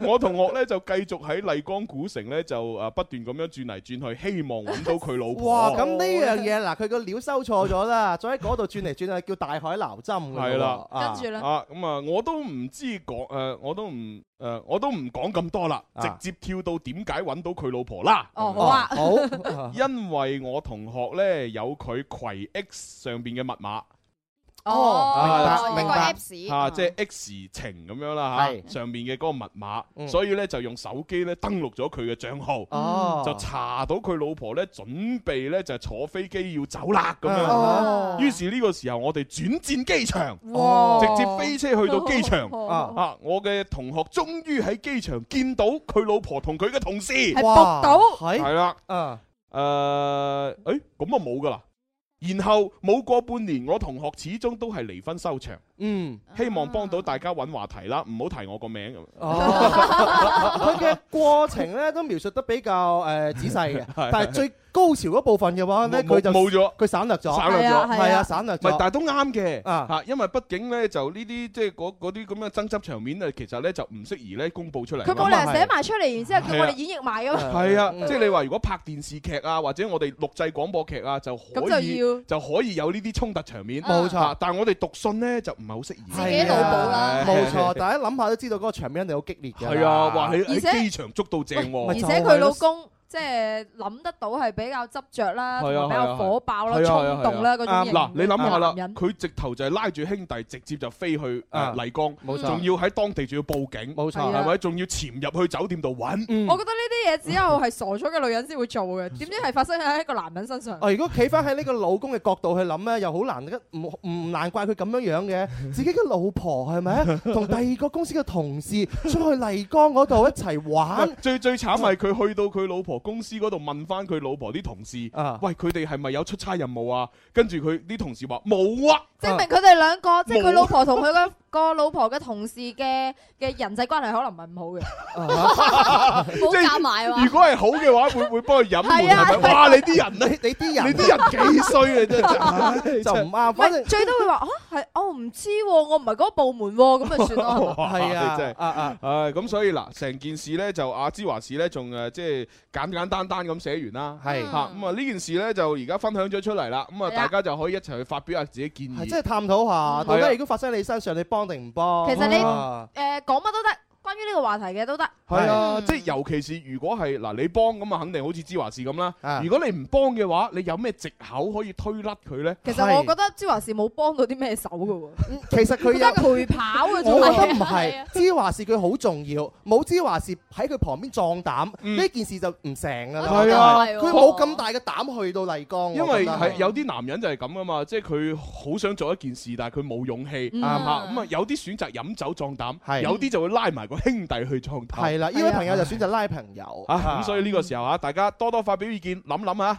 我同學呢，就繼續喺麗江古城呢，就誒不斷咁樣轉嚟轉去，希望揾到佢老婆。哇，咁呢樣嘢嗱，佢個料收錯咗啦，再喺嗰度轉嚟轉去叫大海撈針嘅。係啦，跟住呢，啊，咁啊，我都唔知講誒，我都唔誒，我都唔講咁多啦，直接跳到點解揾到佢老婆啦。哦，好啊，好，因為我同學呢，有佢葵 X 上邊嘅密碼。哦，明白，明白，即係 X 情咁樣啦，吓，上面嘅嗰個密碼，所以呢就用手機呢登錄咗佢嘅賬號，就查到佢老婆呢準備呢就坐飛機要走啦咁樣，於是呢個時候我哋轉戰機場，直接飛車去到機場，啊，我嘅同學終於喺機場見到佢老婆同佢嘅同事，係搏到，係啦，啊，誒，咁啊冇噶啦。然後冇過半年，我同學始終都係離婚收場。嗯，希望幫到大家揾話題啦，唔好提我個名咁。佢嘅過程咧都描述得比較誒仔細嘅，但係最高潮嗰部分嘅話咧，佢就冇咗，佢省略咗，係啊，係啊，省略咗。唔係，但係都啱嘅啊，因為畢竟咧就呢啲即係嗰啲咁嘅爭執場面啊，其實咧就唔適宜咧公佈出嚟。佢冇理由寫埋出嚟，然之後叫我哋演繹埋嘅嘛。係啊，即係你話如果拍電視劇啊，或者我哋錄製廣播劇啊，就可以就可以有呢啲衝突場面。冇錯，但係我哋讀信咧就唔好適宜、啊，自己老婆啦，冇錯。大家諗下都知道嗰個場面一定好激烈嘅，係啊，話喺機場捉到正、啊、而且佢老公。即係諗得到係比較執着啦，比較火爆啦，衝動啦嗰種嘢。嗱，你諗下啦。佢直頭就係拉住兄弟，直接就飛去誒麗江，冇錯。仲要喺當地仲要報警，冇錯，係咪？仲要潛入去酒店度揾。我覺得呢啲嘢只有係傻咗嘅女人先會做嘅，點知係發生喺一個男人身上？如果企翻喺呢個老公嘅角度去諗咧，又好難，唔唔難怪佢咁樣樣嘅。自己嘅老婆係咪同第二個公司嘅同事出去麗江嗰度一齊玩？最最慘係佢去到佢老婆公司嗰度問翻佢老婆啲同事，啊，喂，佢哋係咪有出差任務啊？跟住佢啲同事話冇啊，證明佢哋兩個，啊、即係佢老婆同佢沒、啊。個。 [LAUGHS] 個老婆嘅同事嘅嘅人際關係可能唔係唔好嘅，即係夾埋。如果係好嘅話，會唔會幫佢隱瞞？你啲人咧，你啲人，你啲人幾衰啊真係，就唔啱。反正最多會話哦，係我唔知，我唔係嗰個部門，咁啊算咯。係啊，啊啊，咁所以嗱，成件事咧就阿芝華士咧，仲誒即係簡簡單單咁寫完啦。係吓咁啊呢件事咧就而家分享咗出嚟啦，咁啊大家就可以一齊去發表下自己建議。即係探討下，大家如果發生你身上，你幫？其實你誒講乜都得。關於呢個話題嘅都得，係啊，即係尤其是如果係嗱你幫咁啊，肯定好似芝華士咁啦。如果你唔幫嘅話，你有咩藉口，可以推甩佢咧？其實我覺得芝華士冇幫到啲咩手噶，其實佢而家陪跑嘅。我覺得唔係，芝華士佢好重要，冇芝華士喺佢旁邊壯膽，呢件事就唔成啦。係啊，佢冇咁大嘅膽去到麗江。因為係有啲男人就係咁噶嘛，即係佢好想做一件事，但係佢冇勇氣咁啊，有啲選擇飲酒壯膽，有啲就會拉埋。兄弟去創投係啦，呢位對朋友就選擇拉朋友嚇，咁唉、啊、所以呢個時候嚇、啊，大家多多發表意見，諗諗嚇。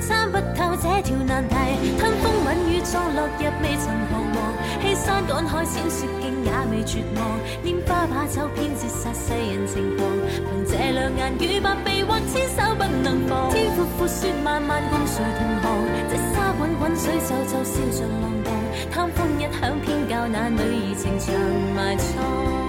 參不透這條難題，吞風吻雨葬落日，未曾彷徨。欺山趕海，小雪徑也未絕望。拈花把酒編，偏折煞世人情狂。憑這兩眼與百臂，或千手不能忘。天闊闊雪漫漫，共誰同航。這沙滾滾水皺皺，笑着浪蕩。貪歡一晌，偏教那女兒情長埋葬。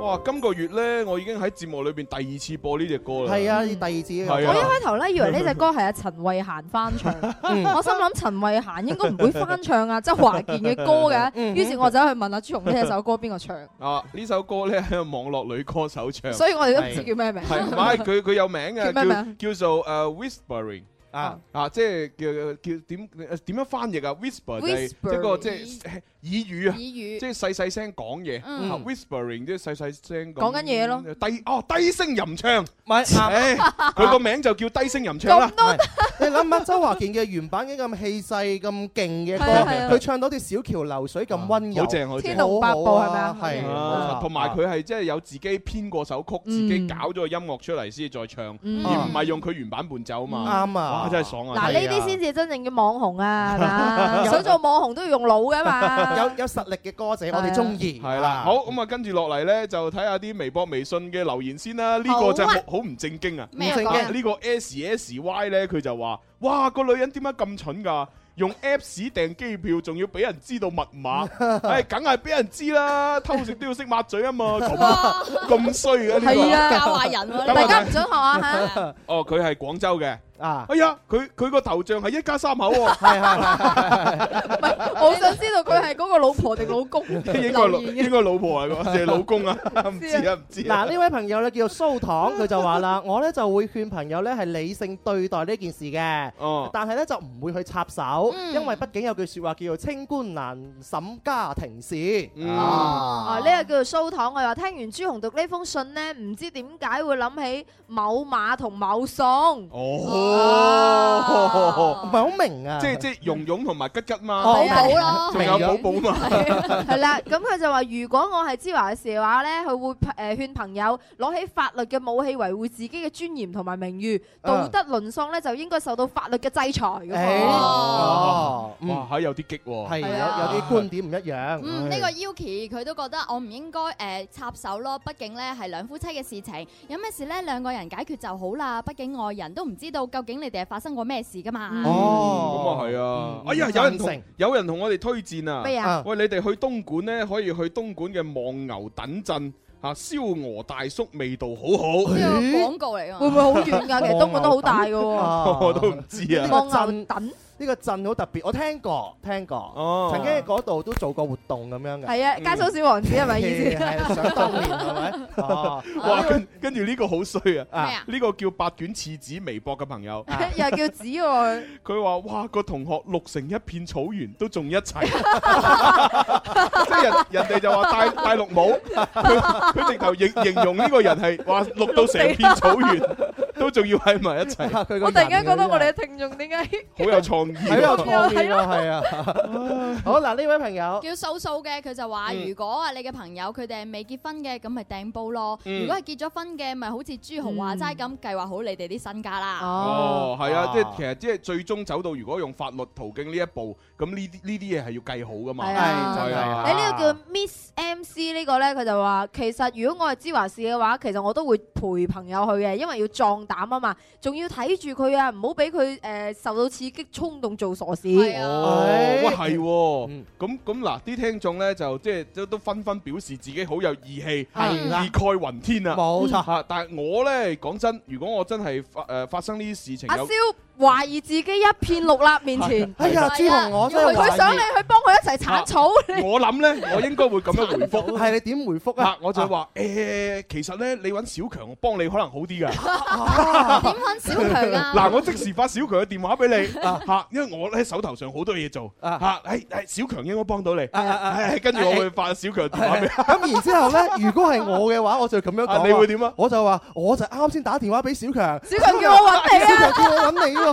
哇！今個月咧，我已經喺節目裏邊第二次播呢隻歌啦。係啊，第二次。啊、我一開頭咧，以為呢隻歌係阿陳慧嫻翻唱， [LAUGHS] 我心諗陳慧嫻應該唔會翻唱啊周華 [LAUGHS] 健嘅歌嘅。於 [LAUGHS] 是我就去問阿、啊、朱紅，呢首歌邊個唱。啊，呢首歌咧係 [LAUGHS] 個網絡女歌手唱。所以我哋都唔知叫咩名？係、啊，佢佢、啊、有名嘅，叫咩名叫？叫做誒、uh, Whispering。啊啊！即係叫叫點點樣翻譯啊？Whisper 係一個即係。耳語啊，即係細細聲講嘢，whispering 即係細細聲講緊嘢咯。低哦，低聲吟唱，咪佢個名就叫低聲吟唱啦。你諗下周華健嘅原版嘅咁氣勢咁勁嘅歌，佢唱到啲小橋流水咁溫柔，正天龍八部係咪啊？係，同埋佢係即係有自己編過首曲，自己搞咗個音樂出嚟先至再唱，而唔係用佢原版伴奏嘛。啱啊，真係爽啊！嗱，呢啲先至真正嘅網紅啊，想做網紅都要用腦㗎嘛。有有實力嘅歌仔，我哋中意。係啦，好咁啊，跟住落嚟呢，就睇下啲微博、微信嘅留言先啦。呢個就好唔正經啊！呢個 S S Y 呢，佢就話：哇，個女人點解咁蠢㗎？用 Apps 訂機票，仲要俾人知道密碼，梗係俾人知啦，偷食都要識抹嘴啊嘛！咁衰嘅，係啊，教壞人喎，大家唔准學啊！哦，佢係廣州嘅。啊！哎呀，佢佢個頭像係一家三口喎。係係係。唔係，我想知道佢係嗰個老婆定老公？應該老應該老婆係嘛？定老公啊？唔知啊，唔知。嗱，呢位朋友咧叫做蘇糖，佢就話啦：我咧就會勸朋友咧係理性對待呢件事嘅。哦。但係咧就唔會去插手，因為畢竟有句説話叫做清官難審家庭事。哦。呢個叫做蘇糖，我話聽完朱紅讀呢封信咧，唔知點解會諗起某馬同某宋。哦。唔係好明啊！即係即係容容同埋吉吉嘛，寶寶咯，仲有寶寶嘛，係啦。咁佢就話：如果我係芝華嘅事嘅話咧，佢會誒勸朋友攞起法律嘅武器維護自己嘅尊嚴同埋名譽。道德淪喪咧就應該受到法律嘅制裁。哦，哇，係有啲激喎，有有啲觀點唔一樣。嗯，呢個 Yuki 佢都覺得我唔應該誒插手咯，畢竟咧係兩夫妻嘅事情，有咩事咧兩個人解決就好啦。畢竟外人都唔知道。究竟你哋係發生過咩事噶嘛？嗯、哦，咁啊係啊！哎呀，有人同有人同我哋推薦啊！咩啊？喂，你哋去東莞咧，可以去東莞嘅望牛墩鎮吓，燒、啊、鵝大叔味道好好。呢個廣告嚟噶，咦會唔會好遠噶？ [LAUGHS] 其實東莞都好大噶、啊， [LAUGHS] 我都唔知啊。望牛墩呢個鎮好特別，我聽過聽過，曾經喺嗰度都做過活動咁樣嘅。係啊，家嫂小王子係咪意思？想當年係咪？哇，跟跟住呢個好衰啊！咩啊？呢個叫八卷廁紙微博嘅朋友，又叫子愛。佢話：哇，個同學綠成一片草原，都仲一齊。即係人人哋就話戴戴綠帽，佢直頭形形容呢個人係話綠到成片草原。都仲要喺埋一齊，我突然間覺得我哋嘅聽眾點解好有創意？係啊係啊！好，嗱，呢位朋友叫素素嘅，佢就話：如果啊，你嘅朋友佢哋係未結婚嘅，咁咪掟煲咯；如果係結咗婚嘅，咪好似朱紅話齋咁，計劃好你哋啲身家啦。哦，係啊，即係其實即係最終走到如果用法律途徑呢一步，咁呢啲呢啲嘢係要計好噶嘛。係係，喺呢個叫 Miss MC 呢個咧，佢就話其實如果我係芝華士嘅話，其實我都會陪朋友去嘅，因為要壯膽啊嘛，仲要睇住佢啊，唔好俾佢誒受到刺激，衝動做傻事。啊、哦，係喎對，咁咁嗱，啲、嗯、聽眾咧就即係都都紛紛表示自己好有義氣，義的蓋雲天啊，冇錯。嗯啊、但係我咧講真，如果我真係發誒、呃、發生呢啲事情，阿、啊懷疑自己一片綠蠟面前，哎呀，朱紅，我真係佢想你去幫佢一齊剷草。我諗咧，我應該會咁樣回覆。係你點回覆啊？我就話誒，其實咧，你揾小強幫你可能好啲㗎。點揾小強啊？嗱，我即時發小強嘅電話俾你嚇，因為我喺手頭上好多嘢做嚇。小強應該幫到你。跟住我會發小強電話俾你。咁然之後咧，如果係我嘅話，我就咁樣，你會點啊？我就話我就啱啱先打電話俾小強。小強叫我揾你啊！小強叫我揾你。咁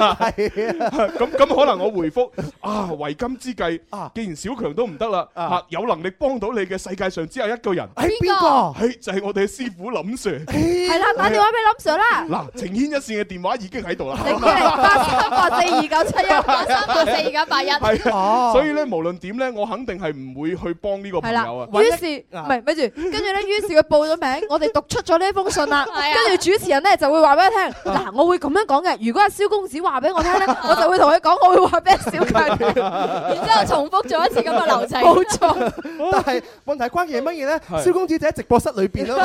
啊，係咁咁可能我回覆啊，為今之計啊，既然小強都唔得啦，啊，有能力幫到你嘅世界上只有一個人。係邊個？係就係我哋嘅師傅林 Sir，係啦，打電話俾林 Sir 啦。嗱，晴天一線嘅電話已經喺度啦，零一八三八四二九七一八三六四二九八一。所以咧，無論點咧，我肯定係唔會去幫呢個朋友啊。於是，唔係，咪住，跟住咧，於是佢報咗名，我哋讀出咗呢封信啦，跟住主持人咧就會話俾。聽嗱，我會咁樣講嘅。如果係蕭公子話俾我聽咧，我就會同佢講，我會話俾小介。然之後重複做一次咁嘅流程。冇錯，但係問題關鍵係乜嘢咧？蕭公子就喺直播室裏邊咯。唔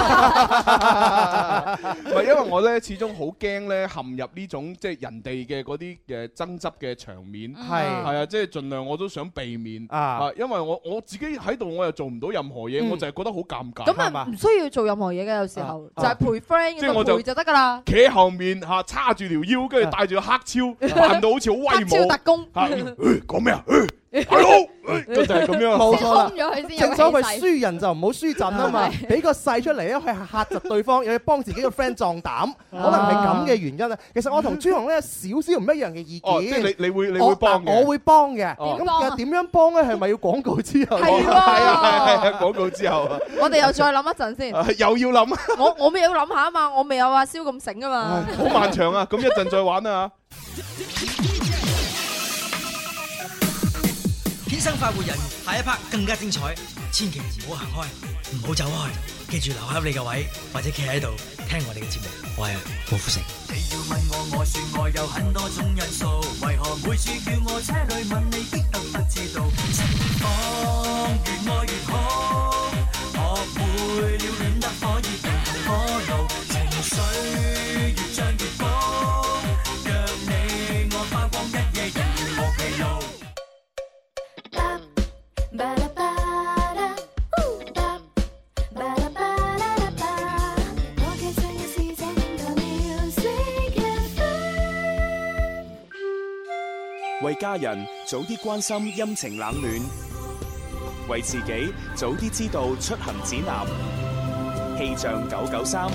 係，因為我咧始終好驚咧陷入呢種即係人哋嘅嗰啲嘅爭執嘅場面。係係啊，即係盡量我都想避免啊。因為我我自己喺度我又做唔到任何嘢，我就係覺得好尷尬。咁啊，唔需要做任何嘢嘅，有時候就係陪 friend，即係陪就得噶啦。後面吓、啊、叉住條腰，跟住戴住黑超， [LAUGHS] 扮到好似好威武， [LAUGHS] 特工，講咩啊？嗯 [LAUGHS] 欸係咯，就係咁樣，冇錯，掟咗佢先。正所謂輸人就唔好輸陣啊嘛，俾個勢出嚟咧去吓窒對方，又要幫自己個 friend 壯膽，可能係咁嘅原因啊。其實我同朱紅咧有少少唔一樣嘅意見。哦，即係你你會你會幫嘅。我我會幫嘅。哦，幫。咁又點樣幫咧？係咪要廣告之後？係啊係啊係啊，廣告之後啊。我哋又再諗一陣先。又要諗。我我咩都要諗下啊嘛，我未有阿蕭咁醒啊嘛。係。好漫長啊！咁一陣再玩啦吓。天生快活人下一 part 更加精彩，千祈唔好行開，唔好走開，記住留喺你嘅位，或者企喺度聽我哋嘅節目。我係郭富城。我家人早啲關心陰晴冷暖，為自己早啲知道出行指南。氣象九九三，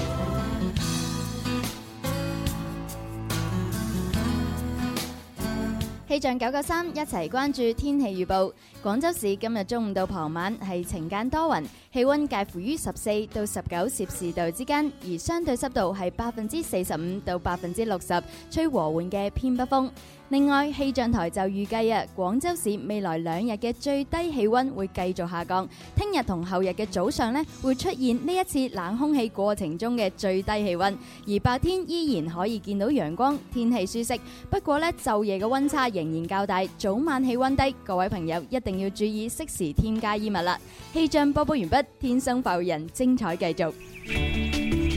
氣象九九三一齊關注天氣預報。廣州市今日中午到傍晚係晴間多雲，氣溫介乎於十四到十九攝氏度之間，而相對濕度係百分之四十五到百分之六十，吹和緩嘅偏北風。另外，氣象台就預計啊，廣州市未來兩日嘅最低氣溫會繼續下降。聽日同後日嘅早上呢，會出現呢一次冷空氣過程中嘅最低氣溫，而白天依然可以見到陽光，天氣舒適。不過呢，晝夜嘅溫差仍然較大，早晚氣溫低，各位朋友一定要注意適時添加衣物啦。氣象播報完畢，天生快活人精彩繼續。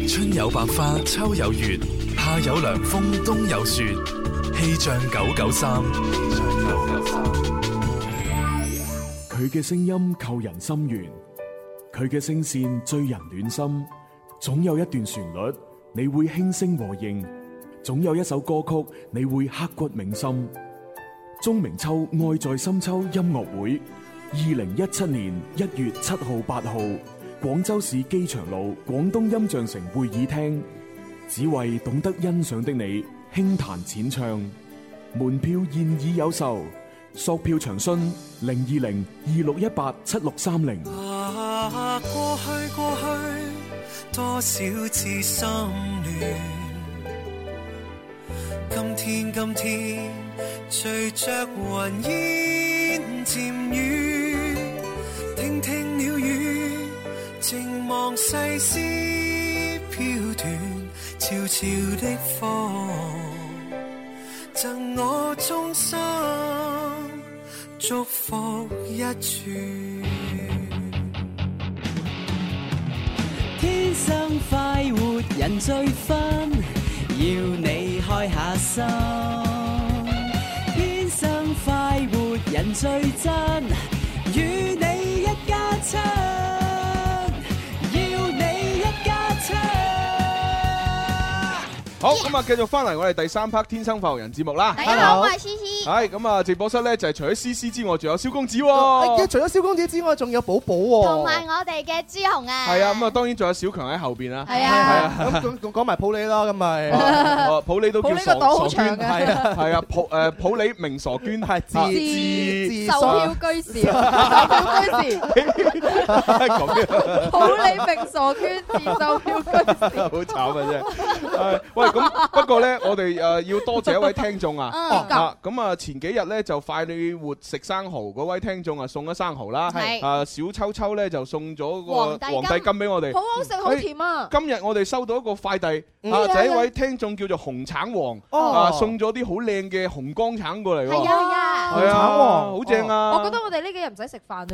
春有百花，秋有月，夏有涼風，冬有雪。氣象九九三，佢嘅聲音扣人心弦，佢嘅聲線醉人暖心。總有一段旋律你會輕聲和應，總有一首歌曲你會刻骨銘心。鍾明秋愛在深秋音樂會，二零一七年一月七號、八號，廣州市機場路廣東音像城會議廳，只為懂得欣賞的你。輕彈淺唱，門票現已有售，索票詳詢零二零二六一八七六三零。啊，過去過去，多少次心亂，今天今天，隨着雲煙漸遠，聽聽鳥語，靜望世事。悄悄的放，贈我衷心祝福一串。天生快活人最分，要你開下心。天生快活人最真。好咁啊！繼續翻嚟我哋第三 part《天生快活人》節目啦。大家好，我係 C C。係咁啊！直播室咧就係除咗 C C 之外，仲有蕭公子。除咗蕭公子之外，仲有寶寶。同埋我哋嘅朱紅啊。係啊，咁啊，當然仲有小強喺後邊啊。係啊。咁講講埋普洱啦，咁咪普洱都叫傻娟嘅。係啊，係啊，普誒普洱明傻娟係自自售票居士。售票居士。普洱明傻娟，自售票居士。好慘啊，真係。喂。咁不過咧，我哋誒要多謝一位聽眾啊！哦，咁啊，前幾日咧就快活食生蠔嗰位聽眾啊，送咗生蠔啦，係啊，小秋秋咧就送咗個皇帝金俾我哋，好好食，好甜啊！今日我哋收到一個快遞啊，就係一位聽眾叫做紅橙王啊，送咗啲好靚嘅紅光橙過嚟喎，係啊係啊，紅橙王好正啊！我覺得我哋呢幾日唔使食飯啊，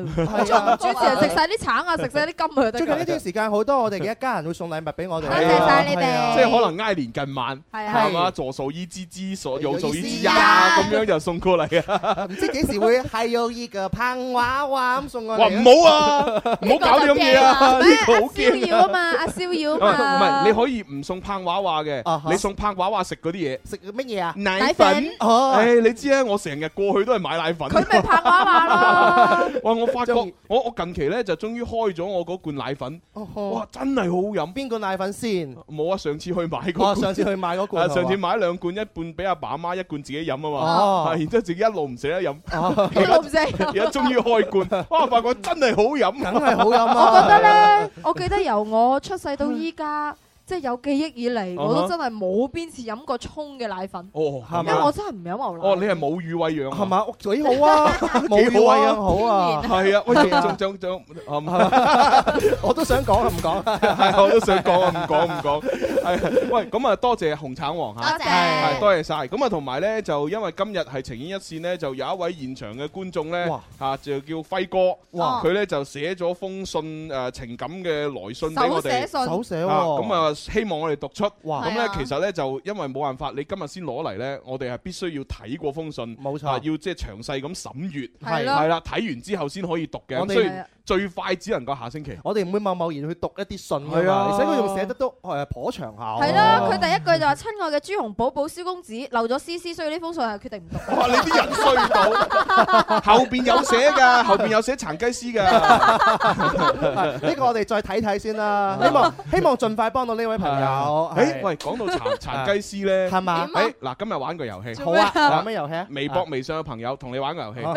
主持人食晒啲橙啊，食晒啲金。最近呢段時間好多我哋嘅一家人會送禮物俾我哋，多謝晒你哋，即係可能挨年近晚係啊，係嘛助數依支支，所又數依支啊，咁樣就送過嚟啊。唔知幾時會係有依個胖娃娃咁送過嚟。哇，唔好啊，唔好搞啲咁嘢啊！唔好驚啊。阿逍遙啊嘛，阿逍遙啊嘛，唔係你可以唔送胖娃娃嘅，你送胖娃娃食嗰啲嘢，食乜嘢啊？奶粉。哦，誒，你知咧，我成日過去都係買奶粉。佢咪胖娃娃咯？哇，我發覺我我近期咧就終於開咗我嗰罐奶粉。哇，真係好飲。邊個奶粉先？冇啊，上次去買嗰。去買罐上次買嗰上次買，兩罐，嗎一半俾阿爸阿媽，一罐自己飲啊嘛，oh. 然之後自己一路唔捨得飲，一路唔知，而家 [LAUGHS] 終於開罐， [LAUGHS] 哇！我發覺真係好飲，梗係好飲啦。 [LAUGHS] 我覺得咧， [LAUGHS] 我記得由我出世到依家。 [LAUGHS] [LAUGHS] 即係有記憶以嚟，我都真係冇邊次飲過沖嘅奶粉。哦，因為我真係唔飲牛奶。哦，你係母乳餵養啊？係嘛，幾好啊！母乳餵養好啊！係啊，喂，仲仲仲啊，我都想講啊，唔講。係，我都想講啊，唔講唔講。係，喂，咁啊，多謝紅橙王嚇，係多謝曬。咁啊，同埋咧，就因為今日係情牽一線咧，就有一位現場嘅觀眾咧，嚇就叫輝哥，佢咧就寫咗封信誒，情感嘅來信俾我哋。手寫信，手寫喎。咁啊～希望我哋讀出咁。咧，其實咧就因為冇辦法，你今日先攞嚟咧，我哋係必須要睇過封信，冇沒錯，呃，要即係詳細咁審閱，係啦是的，睇完之後先可以讀嘅，們所以。最快只能夠下星期，我哋唔會貿貿然去讀一啲信㗎嘛，而且佢仲寫得都係頗長下。係咯，佢第一句就話：親愛嘅朱紅寶寶蕭公子，留咗詩詩，所以呢封信係決定唔讀。哇！你啲人衰到，後邊有寫㗎，後邊有寫殘雞絲㗎。呢個我哋再睇睇先啦，希望希望盡快幫到呢位朋友。誒，喂，講到殘殘雞絲咧，係嘛？誒，嗱，今日玩個遊戲。好啊，玩咩遊戲啊？微博微信嘅朋友同你玩個遊戲啊！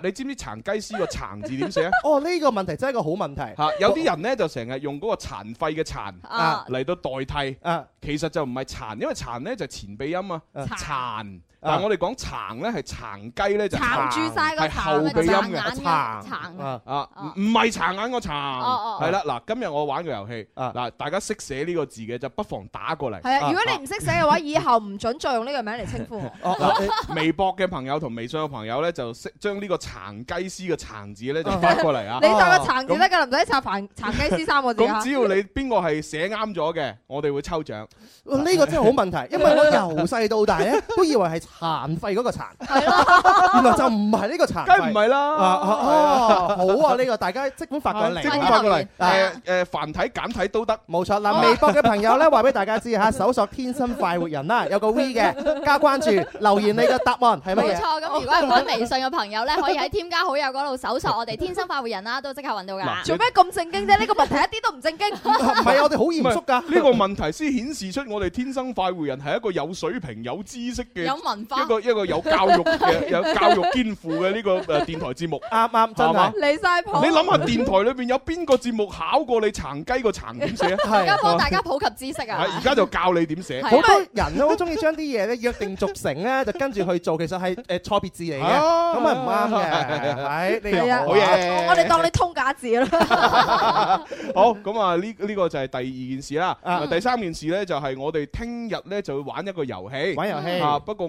誒，你知唔知殘雞絲個殘字點寫啊？呢、哦，呢個問題真係一個好問題嚇，啊，有啲人呢就成日用嗰個殘廢嘅殘啊嚟到代替啊，其實就唔係殘，因為殘呢就前鼻音啊，殘。但係我哋講橙咧，係橙雞咧就係住晒個後鼻音嘅層眼嘅層，啊啊，唔係殘眼個殘，係啦。嗱，今日我玩個遊戲，嗱，大家識寫呢個字嘅就不妨打過嚟。係啊，如果你唔識寫嘅話，以後唔准再用呢個名嚟稱呼。微博嘅朋友同微信嘅朋友咧，就識將呢個橙雞絲嘅橙字咧，就發過嚟啊。你打個橙字咧，個林仔殺橙橙雞絲三個字。咁只要你邊個係寫啱咗嘅，我哋會抽獎。呢個真係好問題，因為我由細到大咧都以為係。殘廢嗰個殘，原來就唔係呢個殘，梗唔係啦？好啊！呢個大家即管發過嚟，即管發過嚟，誒誒繁體簡體都得，冇錯。嗱，微博嘅朋友咧，話俾大家知吓，搜索天生快活人啦，有個 V 嘅加關注，留言你嘅答案，係咪？冇錯。咁如果係揾微信嘅朋友咧，可以喺添加好友嗰度搜索我哋天生快活人啦，都即刻揾到㗎。做咩咁正經啫？呢個問題一啲都唔正經，唔係我哋好嚴肅㗎。呢個問題先顯示出我哋天生快活人係一個有水平、有知識嘅。一個一個有教育嘅，有教育肩負嘅呢個誒電台節目。啱啱係離晒譜！你諗下電台裏邊有邊個節目考過你殘雞個殘點寫啊？係而家幫大家普及知識啊！而家就教你點寫。好多人咧，好中意將啲嘢咧，約定俗成咧就跟住去做，其實係誒錯別字嚟嘅，咁係唔啱嘅。係呢樣好嘢，我哋當你通假字啦。好，咁啊呢呢個就係第二件事啦。第三件事咧就係我哋聽日咧就會玩一個遊戲。玩遊戲啊！不過。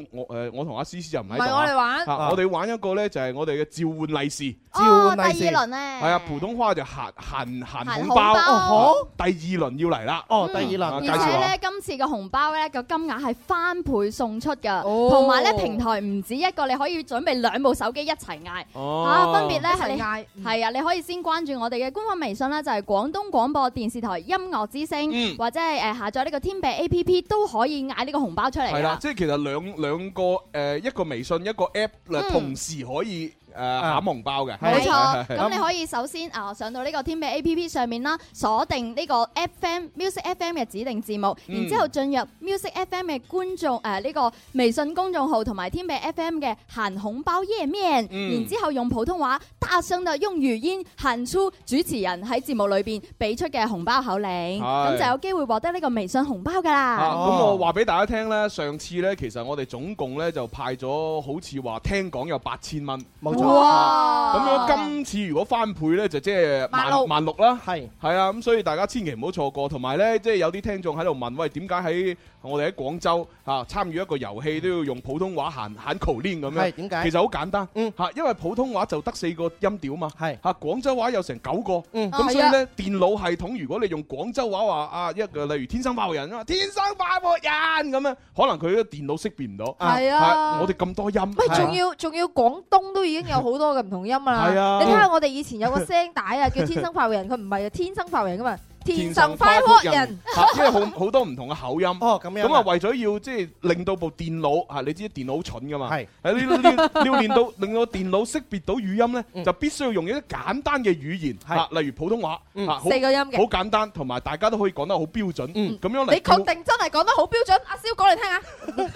我同阿詩詩就唔喺度啊！我哋玩，我哋玩一個呢，就係我哋嘅召喚利是。哦，第二輪呢，係啊，普通話就限行限紅包。第二輪要嚟啦！哦，第二輪而且呢，今次嘅紅包呢個金額係翻倍送出嘅，同埋呢，平台唔止一個，你可以準備兩部手機一齊嗌。哦，分別呢係嗌，係啊，你可以先關注我哋嘅官方微信啦，就係廣東廣播電視台音樂之聲，或者係誒下載呢個天平 A P P 都可以嗌呢個紅包出嚟。係啦，即係其實兩兩。個誒、呃，一個微信一個 app 咧、嗯，同時可以。誒喊、呃、紅包嘅，冇錯。咁、嗯、你可以首先啊、呃、上到呢個天美 A P P 上面啦，鎖定呢個 F M Music F M 嘅指定節目，嗯、然之後進入 Music F M 嘅觀眾誒呢個微信公眾號同埋天美 F M 嘅喊紅包頁面，嗯、然之後用普通話大聲地用語音喊出主持人喺節目裏邊俾出嘅紅包口令，咁、嗯、就有機會獲得呢個微信紅包㗎啦。咁、啊、我話俾大家聽咧，上次咧其實我哋總共咧就派咗好似話聽講有八千蚊。哦哦。哇！咁樣今次如果翻倍呢，就即係萬六萬六啦。係係啊，咁所以大家千祈唔好錯過，同埋呢，即係有啲聽眾喺度問，喂，點解喺我哋喺廣州吓參與一個遊戲都要用普通話喊喊口令咁樣？點解？其實好簡單，嗯，吓，因為普通話就得四個音調嘛。係吓，廣州話有成九個，嗯，咁所以呢，電腦系統如果你用廣州話話啊，一個例如天生快活人啊，天生快活人咁樣，可能佢電腦識別唔到。係啊，我哋咁多音。喂，仲要仲要廣東都已經有。有好多嘅唔同音啊！是呀 你睇下我哋以前有個聲帶啊，叫天生發育人，佢唔係啊，天生發育人噶嘛。天生快活人，因為好好多唔同嘅口音。哦，咁樣。咁啊，為咗要即係令到部電腦嚇，你知電腦蠢㗎嘛？係。係呢呢要練到令個電腦識別到語音咧，就必須要用一啲簡單嘅語言嚇，例如普通話四個音嘅，好簡單，同埋大家都可以講得好標準。嗯，咁樣嚟。你確定真係講得好標準？阿蕭講嚟聽下。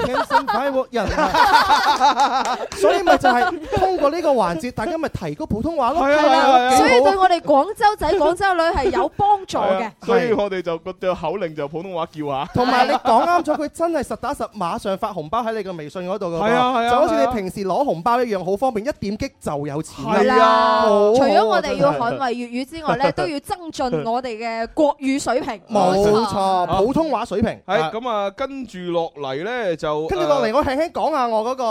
天生快活人。所以咪就係通過呢個環節，大家咪提高普通話咯。係啊，所以對我哋廣州仔廣州女係有幫助。所以我哋就個口令就普通話叫啊，同埋你講啱咗，佢真係實打實馬上發紅包喺你個微信嗰度㗎，係啊係啊，就好似你平時攞紅包一樣，好方便，一點擊就有錢。係啦，除咗我哋要捍衞粵語之外咧，都要增進我哋嘅國語水平。冇錯，普通話水平。係咁啊，跟住落嚟咧就，跟住落嚟，我輕輕講下我嗰個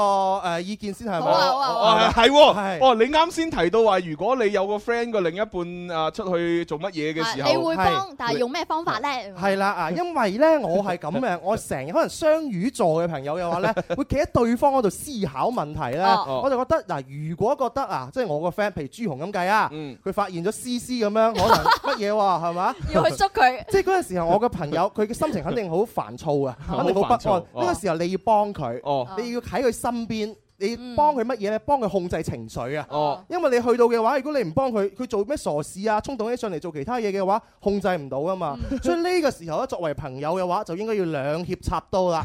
誒意見先係冇，好啊係喎，哦，你啱先提到話，如果你有個 friend 個另一半啊出去做乜嘢嘅時候，你會但係用咩方法呢？係啦啊，因為呢，我係咁嘅，我成日可能雙魚座嘅朋友嘅話呢，會企喺對方嗰度思考問題咧。我就覺得嗱，如果覺得啊，即係我個 friend，譬如朱紅咁計啊，佢發現咗 C C 咁樣，可能乜嘢喎？係嘛？要去捉佢。即係嗰陣時候，我個朋友佢嘅心情肯定好煩躁啊，肯定好不安。呢個時候你要幫佢，你要喺佢身邊。你幫佢乜嘢咧？幫佢控制情緒啊！哦，因為你去到嘅話，如果你唔幫佢，佢做咩傻事啊、衝動起上嚟做其他嘢嘅話，控制唔到噶嘛。所以呢個時候咧，作為朋友嘅話，就應該要兩肋插刀啦。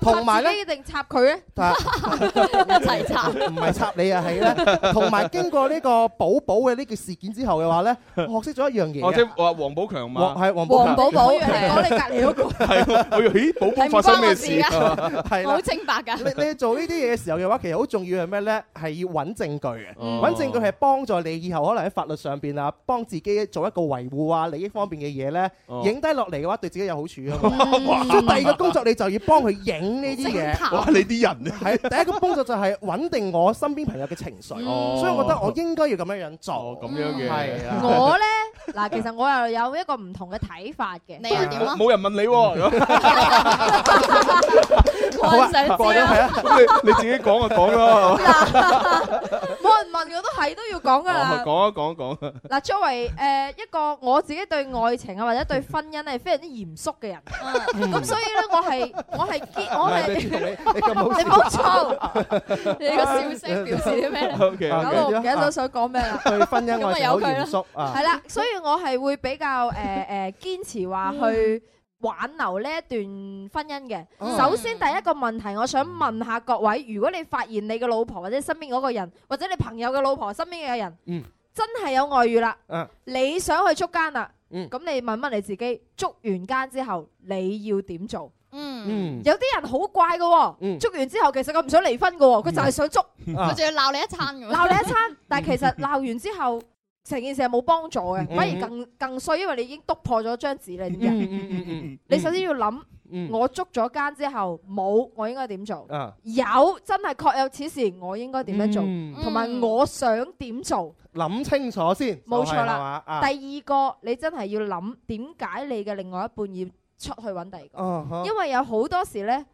同埋咧，插你定插佢咧？一齊插，唔係插你啊，係咧。同埋經過呢個寶寶嘅呢件事件之後嘅話咧，我學識咗一樣嘢。或者話王寶強嘛？係王寶寶嘅，我哋隔離嗰個。係，我咦寶寶發生咩事啊？係，我好清白㗎。你你做呢啲嘢嘅時候嘅話。其實好重要係咩呢？係要揾證據嘅，揾證據係幫助你以後可能喺法律上邊啊，幫自己做一個維護啊利益方面嘅嘢呢。影低落嚟嘅話，對自己有好處。咁第二個工作你就要幫佢影呢啲嘢。哇！你啲人係第一個工作就係穩定我身邊朋友嘅情緒，所以我覺得我應該要咁樣樣做咁樣嘅。係啊，我呢？嗱，其實我又有一個唔同嘅睇法嘅。你又點啊？冇人問你。好啊，過咗嚟啊，你自己講。講咯，冇人問我都係都要講噶啦。講一講講。嗱，作為誒一個我自己對愛情啊或者對婚姻係非常之嚴肅嘅人，咁所以咧我係我係堅我係，你冇錯，你個笑聲表示啲咩？搞到我唔記得咗想講咩啦？對婚姻咁咪有佢啦，係啦，所以我係會比較誒誒堅持話去。挽留呢一段婚姻嘅，mm hmm. 首先第一個問題，我想問下各位，如果你發現你嘅老婆或者身邊嗰個人，或者你朋友嘅老婆身邊嘅人，mm hmm. 真係有外遇啦，uh. 你想去捉奸啦，嗯、mm，咁、hmm. 你問問你自己，捉完奸之後你要點做？Mm hmm. 有啲人好怪嘅，嗯，捉完之後其實佢唔想離婚嘅，佢就係想捉，佢就、mm hmm. 要鬧你一餐，鬧 [LAUGHS] 你一餐，但係其實鬧完之後。成件事係冇幫助嘅，嗯、反而更更衰，因為你已經督破咗張紙啦。嗯嗯嗯、你首先要諗，嗯、我捉咗奸之後冇，我應該點做？啊、有真係確有此事，我應該點樣做？同埋、嗯、我想點做？諗清楚先，冇錯啦。是是第二個，你真係要諗點解你嘅另外一半要出去揾第二個？啊、哈因為有好多時呢，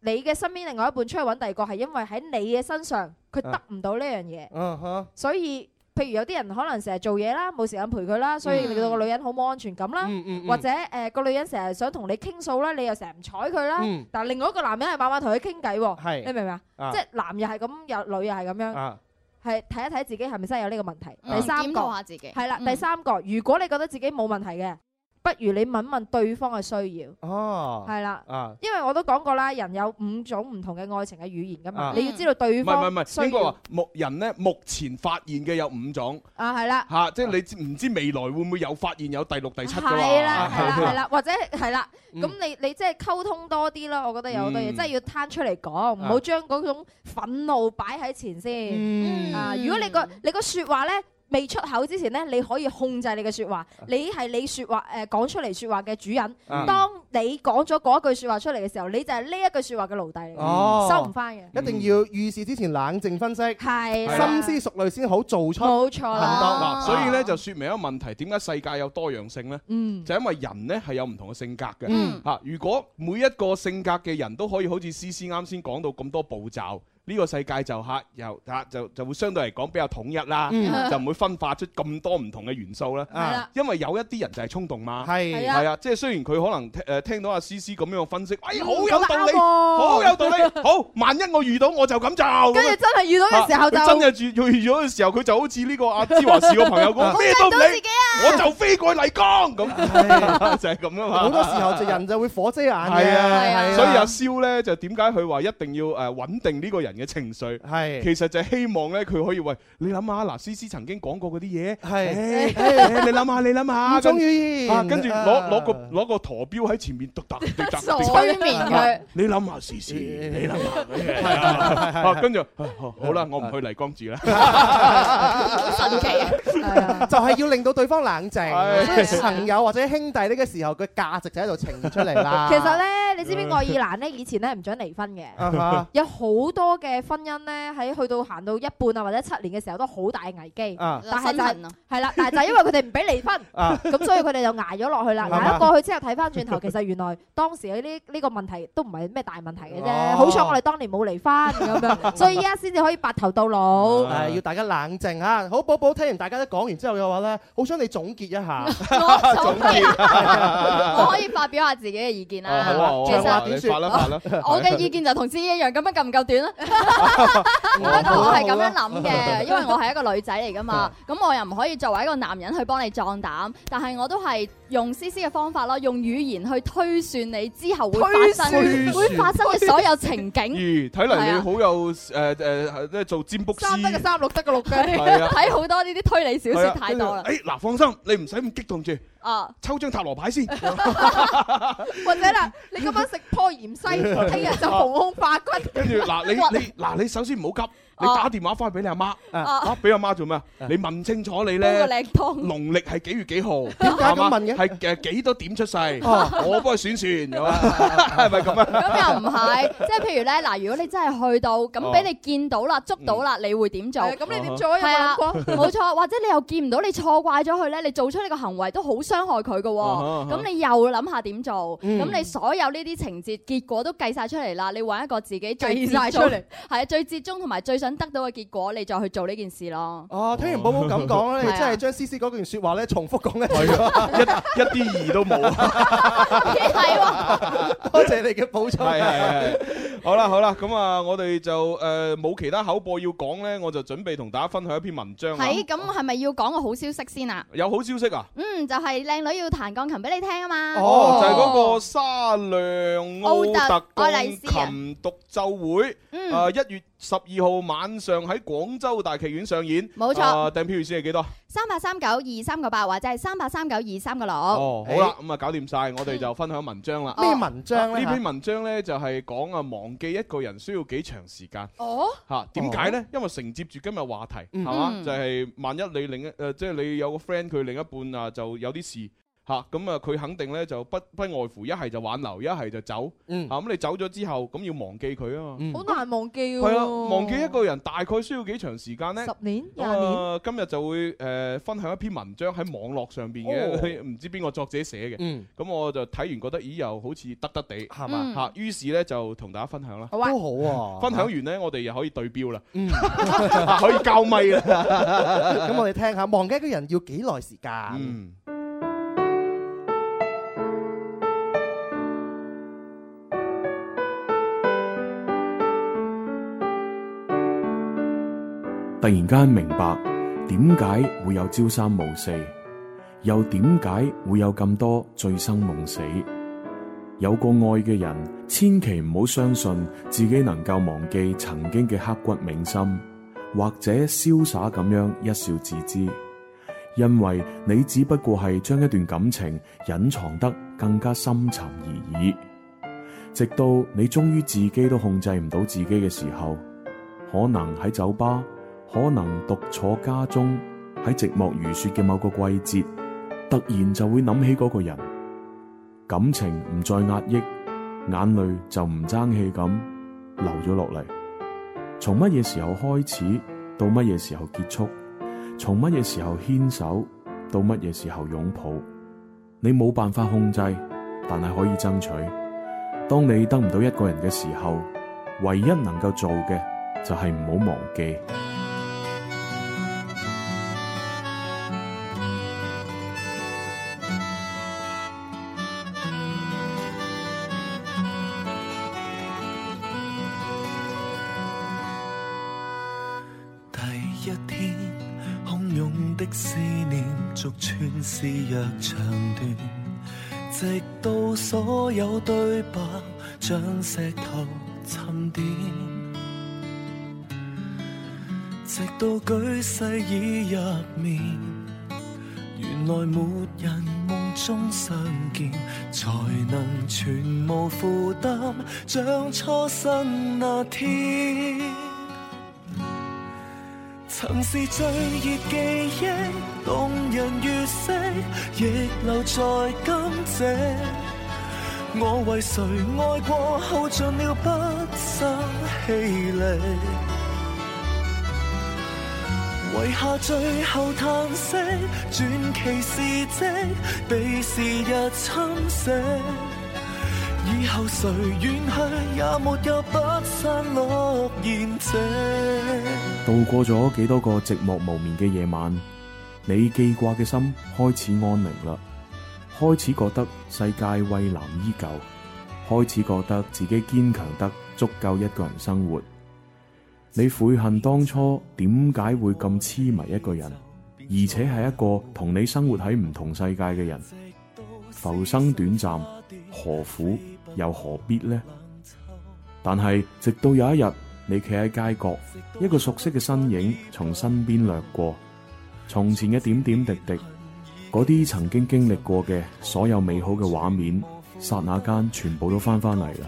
你嘅身邊另外一半出去揾第二個，係因為喺你嘅身上佢得唔到呢樣嘢。啊、哈所以譬如有啲人可能成日做嘢啦，冇時間陪佢啦，所以令到個女人好冇安全感啦，嗯嗯嗯、或者誒個、呃、女人成日想同你傾訴啦，你又成日唔睬佢啦，嗯、但係另外一個男人係晚晚同佢傾偈喎，是你明唔明啊？即係男又係咁，有女又係咁樣，係睇、啊、一睇自己係咪真係有呢個問題？嗯、第三個睇下自己、係啦，第三個，如果你覺得自己冇問題嘅。不如你問問對方嘅需要。哦，係啦，因為我都講過啦，人有五種唔同嘅愛情嘅語言㗎嘛，你要知道對方。唔係唔係唔係，應該話目人咧，目前發現嘅有五種。啊，係啦。嚇，即係你唔知未來會唔會有發現有第六、第七㗎嘛？係啦係啦，或者係啦。咁你你即係溝通多啲咯，我覺得有好多嘢，即係要攤出嚟講，唔好將嗰種憤怒擺喺前先啊！如果你個你個説話咧。未出口之前呢，你可以控制你嘅説話。你係你説話誒講、呃、出嚟説話嘅主人。嗯、當你講咗嗰句説話出嚟嘅時候，你就係呢一句説話嘅奴隸，哦、收唔翻嘅。嗯、一定要遇事之前冷靜分析，深、嗯、思熟慮先好做出行動。嗱，啊啊、所以呢，就説明一個問題，點解世界有多樣性呢？嗯、就因為人呢係有唔同嘅性格嘅嚇、嗯啊。如果每一個性格嘅人都可以好似思思啱先講到咁多步驟。呢個世界就嚇，又啊，就就會相對嚟講比較統一啦，就唔會分化出咁多唔同嘅元素啦。因為有一啲人就係衝動嘛，係啊，即係雖然佢可能誒聽到阿 C C 咁樣分析，哎好有道理，好有道理。好，萬一我遇到我就咁就，跟住真係遇到嘅時候就真係遇，遇咗嘅時候佢就好似呢個阿芝華士個朋友講，咩都唔理，我就飛過麗江咁，就係咁噶嘛。好多時候就人就會火遮眼嘅，係啊，所以阿蕭咧就點解佢話一定要誒穩定呢個人？嘅情緒係，其實就希望咧，佢可以喂，你諗下嗱，詩詩曾經講過嗰啲嘢係，你諗下，你諗下，終於啊，跟住攞攞個攞個陀標喺前面獨特的集，催眠佢。你諗下詩詩，你諗下，跟住好啦，我唔去麗江住啦，神奇，就係要令到對方冷靜，朋友或者兄弟呢個時候嘅價值就喺度呈現出嚟啦。其實咧，你知唔知愛爾蘭咧以前咧唔准離婚嘅，有好多嘅。嘅婚姻咧，喺去到行到一半啊，或者七年嘅時候都好大嘅危機，但係就係啦，但係就因為佢哋唔俾離婚，咁所以佢哋就捱咗落去啦。捱咗過去之後睇翻轉頭，其實原來當時呢呢個問題都唔係咩大問題嘅啫。好彩我哋當年冇離婚咁樣，所以依家先至可以白頭到老。要大家冷靜吓。好，寶寶聽完大家都講完之後嘅話咧，好想你總結一下。我總結，我可以發表下自己嘅意見啦。其實點算？我嘅意見就同 C 一樣，咁樣夠唔夠短啊？ [LAUGHS] 啊、哇我係咁樣諗嘅，啊啊、 [LAUGHS] 因為我係一個女仔嚟噶嘛，咁 [LAUGHS] 我又唔可以作為一個男人去幫你壯膽，但係我都係。用詩詩嘅方法咯，用語言去推算你之後會發生嘅，算會發生嘅所有情景。咦，睇嚟你好有誒誒，係咧、呃、做占卜師三得嘅三，六得嘅六。係睇好多呢啲推理小說睇、啊、多、啊欸、啦。誒嗱，放心，你唔使咁激動住。啊！抽張塔羅牌先， [LAUGHS] [LAUGHS] 或者啦，你今晚食顆鹽西，聽日就紅空化骨。跟住嗱，你你嗱，你首先唔好急。你打電話翻去俾你阿媽啊！啊，俾阿媽做咩啊？你問清楚你咧，農曆係幾月幾號？點解咁問嘅？係嘅幾多點出世？我幫佢算算咁啊，係咪咁啊？咁又唔係，即係譬如咧嗱，如果你真係去到咁，俾你見到啦、捉到啦，你會點做？咁你點做？係啦，冇錯，或者你又見唔到，你錯怪咗佢咧，你做出呢個行為都好傷害佢嘅喎。咁你又諗下點做？咁你所有呢啲情節結果都計晒出嚟啦，你揾一個自己計晒出嚟，係啊，最折中同埋最得到嘅結果，你再去做呢件事咯。哦，聽完寶寶咁講咧，你真係將詩詩嗰段説話咧重複講咧，係咯，一一啲意都冇啊。係喎，多謝你嘅補充。係係係。好啦好啦，咁啊，我哋就誒冇其他口播要講咧，我就準備同大家分享一篇文章啦。係，咁係咪要講個好消息先啊？有好消息啊？嗯，就係靚女要彈鋼琴俾你聽啊嘛。哦，就係嗰個沙良奧特愛麗斯鋼琴獨奏會。嗯。啊，一月，十二號晚上喺廣州大劇院上演，冇錯錯、啊。訂票熱線係幾多？三八三九二三個八或者係三八三九二三個六。哦，欸、好啦，咁、嗯、啊搞掂晒，我哋就分享文章啦。篇、嗯、文章呢、啊啊啊、篇文章呢，就係、是、講啊忘記一個人需要幾長時間。哦。吓、啊，點解呢？哦、因為承接住今日話題，係嘛、嗯，就係、是、萬一你另一誒，即係你有個 friend 佢另一半啊，就有啲事。嚇咁啊！佢肯定咧就不不外乎一係就挽留，一係就走。嚇咁你走咗之後，咁要忘記佢啊嘛。好難忘記。係啊，忘記一個人大概需要幾長時間呢？十年廿年。今日就會誒分享一篇文章喺網絡上邊嘅，唔知邊個作者寫嘅。咁我就睇完覺得，咦，又好似得得地係嘛嚇。於是呢就同大家分享啦。都好啊。分享完呢，我哋又可以對標啦，可以交咪啦。咁我哋聽下忘記一個人要幾耐時間？突然間明白點解會有朝三暮四，又點解會有咁多醉生夢死？有過愛嘅人，千祈唔好相信自己能夠忘記曾經嘅刻骨銘心，或者瀟灑咁樣一笑自知，因為你只不過係將一段感情隱藏得更加深沉而已。直到你終於自己都控制唔到自己嘅時候，可能喺酒吧。可能獨坐家中，喺寂寞如雪嘅某個季節，突然就會諗起嗰個人。感情唔再壓抑，眼淚就唔爭氣咁流咗落嚟。從乜嘢時候開始，到乜嘢時候結束，從乜嘢時候牽手，到乜嘢時候擁抱，你冇辦法控制，但係可以爭取。當你得唔到一個人嘅時候，唯一能夠做嘅，就係唔好忘記。長段，直到所有對白像石頭沉澱，直到舉世已入眠，原來沒人夢中相見，才能全無負擔，像初生那天。曾是最熱記憶，動人如昔，亦留在今夕。我為誰愛過，耗盡了畢生氣力，遺下最後嘆息。傳奇事跡，被時日侵蝕。以後誰遠去，也沒有不散落言者，度過咗幾多個寂寞無眠嘅夜晚，你記掛嘅心開始安寧啦，開始覺得世界蔚藍依舊，開始覺得自己堅強得足夠一個人生活。你悔恨當初點解會咁癡迷一個人，而且係一個同你生活喺唔同世界嘅人。浮生短暫，何苦？又何必呢？但係直到有一日，你企喺街角，一個熟悉嘅身影從身邊掠過，從前嘅點點滴滴，嗰啲曾經經歷過嘅所有美好嘅畫面，剎那間全部都翻翻嚟啦！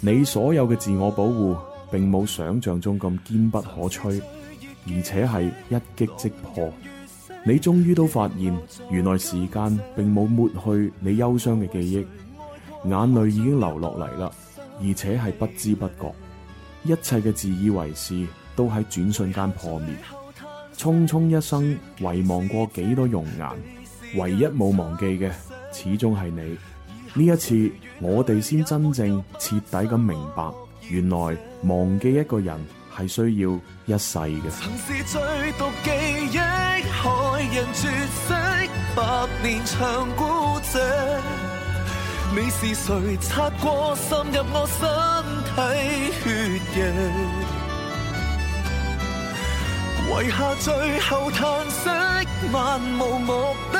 你所有嘅自我保護，並冇想象中咁堅不可摧，而且係一擊即破。你終於都發現，原來時間並冇抹去你憂傷嘅記憶。眼淚已經流落嚟啦，而且係不知不覺，一切嘅自以為是都喺轉瞬間破滅。匆匆一生，遺忘過幾多容顏，唯一冇忘記嘅，始終係你。呢一次，我哋先真正徹底咁明白，原來忘記一個人係需要一世嘅。你是誰擦過滲入我身體血液？遺下最後嘆息，漫無目的，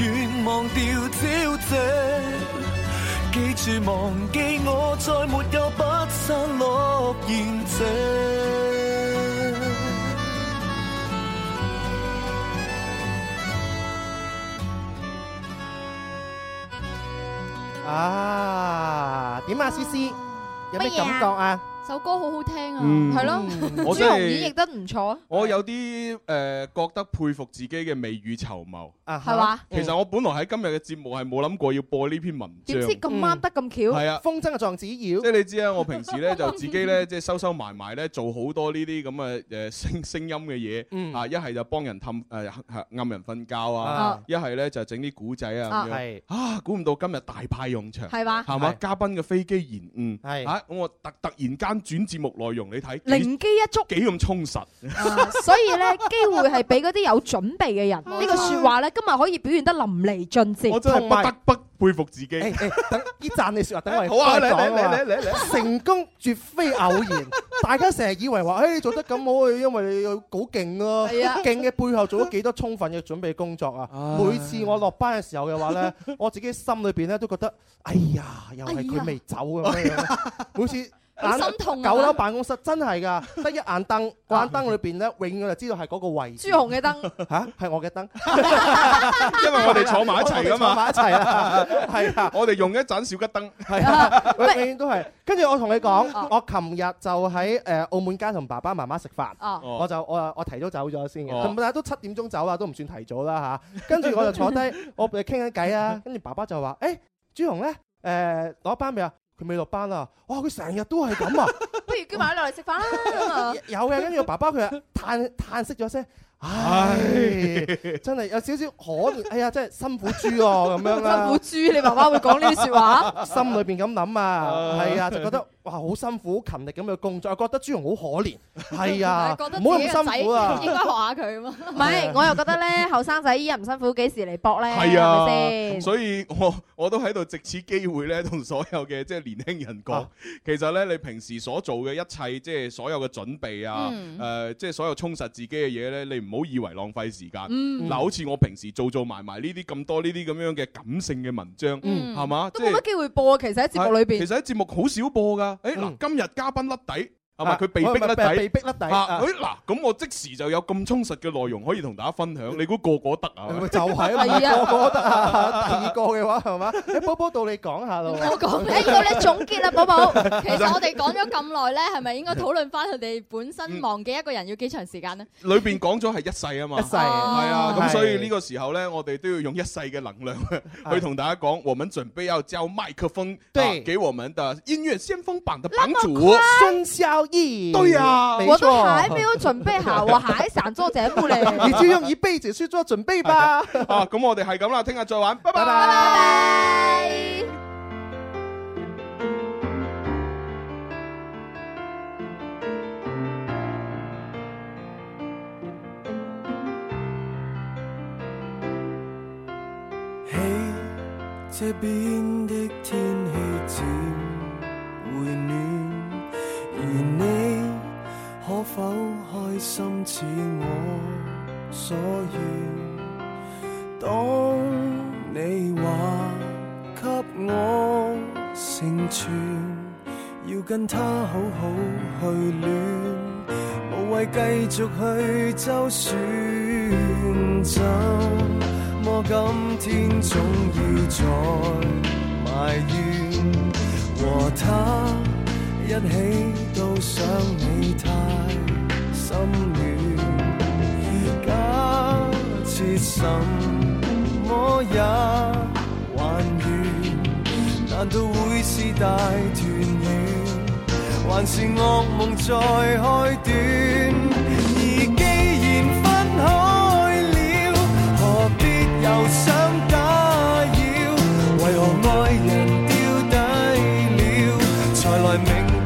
願忘掉焦跡，記住忘記我，再沒有不散落宴席。啊，點啊，思思，有咩感覺啊？ [MUSIC] 首歌好好聽啊，係咯，朱紅演繹得唔錯。我有啲誒，覺得佩服自己嘅未雨綢繆啊，係嘛？其實我本來喺今日嘅節目係冇諗過要播呢篇文，點知咁啱得咁巧，係啊，風箏嘅撞紙鷂。即係你知啊，我平時咧就自己咧即係收收埋埋咧做好多呢啲咁嘅誒，聲聲音嘅嘢，啊一係就幫人氹誒，暗人瞓覺啊，一係咧就整啲古仔啊，係啊，估唔到今日大派用場，係嘛？係嘛？嘉賓嘅飛機延誤，嗯，嚇咁我突突然間轉節目內容，你睇靈機一觸幾咁充實、 [LAUGHS] 啊，所以咧機會係俾嗰啲有準備嘅人。呢 [LAUGHS] 個說話咧，今日可以表現得淋漓盡致。我真係不得不佩服自己。哎哎、等啲讚你說話，等我講。好啊，你你你你成功絕非偶然。 [LAUGHS] 大家成日以為話，誒，你做得咁好，因為你好勁啊。係啊，勁嘅背後做咗幾多充分嘅準備工作啊。啊每次我落班嘅時候嘅話咧，我自己心裏邊咧都覺得，哎呀，又係佢未走咁樣，每眼痛、啊，九樓辦公室真係噶，得一眼燈，關燈 [LAUGHS] 裏邊咧，永遠就知道係嗰個位置。朱紅嘅燈吓，係我嘅燈， [LAUGHS] [LAUGHS] 因為我哋坐埋一齊 [LAUGHS] [LAUGHS] 是啊嘛，埋一齊啦，係啊，我哋用一盞小吉燈，係 [LAUGHS] 啊、 [LAUGHS] 嗯，嗯、永遠都係。跟住、哦、我同你講，我琴日就喺誒澳門街同爸爸媽媽食飯，我就我我提早走咗先，同爸爸都七點鐘走啦，都唔算提早啦吓。跟、啊、住我就坐低，我俾佢傾緊偈啊，跟住爸爸就話：，誒、欸，朱紅咧，誒、呃、攞班未啊？佢未落班啊！哇，佢成日都係咁啊！不如叫埋佢落嚟食飯啦！ [LAUGHS] 有嘅，跟住我爸爸佢嘆嘆息咗聲。唉，真係有少少可憐，哎呀，真係辛苦豬哦咁樣辛苦豬，你爸爸會講呢啲說話？心裏邊咁諗啊，係啊，就覺得哇，好辛苦，勤力咁嘅工作，又覺得豬榮好可憐，係啊，唔好咁辛苦啊，應該學下佢啊。唔係，我又覺得咧，後生仔依日唔辛苦，幾時嚟搏咧？係啊，係咪先？所以我我都喺度藉此機會咧，同所有嘅即係年輕人講，其實咧，你平時所做嘅一切，即係所有嘅準備啊，誒，即係所有充實自己嘅嘢咧，你。.唔好以為浪費時間。嗱、嗯，好似我平時做做埋埋呢啲咁多呢啲咁樣嘅感性嘅文章，係嘛、嗯？吧都冇乜機會播。其實喺節目裏邊，其實喺節目好少播㗎。誒、欸，嗱、嗯，今日嘉賓甩底。係咪佢被逼甩底？被逼甩底。啊，嗱，咁我即時就有咁充實嘅內容可以同大家分享。你估個個得啊？就係啦，個個得。第二個嘅話係嘛？波波到你講下咯。我講，應該你總結啦，波波。其實我哋講咗咁耐咧，係咪應該討論翻佢哋本身忘記一個人要幾長時間咧？裏邊講咗係一世啊嘛。一世。係啊。咁所以呢個時候咧，我哋都要用一世嘅能量去同大家講。我們準備要交麥克風，對，給我們的音樂先鋒榜的榜主孫驍。耶 對啊，我都還沒有準備好，我還想做節目呢。 [LAUGHS] 你就用一輩子去做準備吧。啊，咁我哋係咁啦，聽日再玩，拜拜。天而你可否開心似我所願？當你話給我成全，要跟他好好去戀，無謂繼續去周旋，怎麼今天總要再埋怨和他？一起都想你太心軟，假設什麼也玩完，難道會是大團圓，還是惡夢再開端？而既然分開了，何必又想打擾？為何愛人？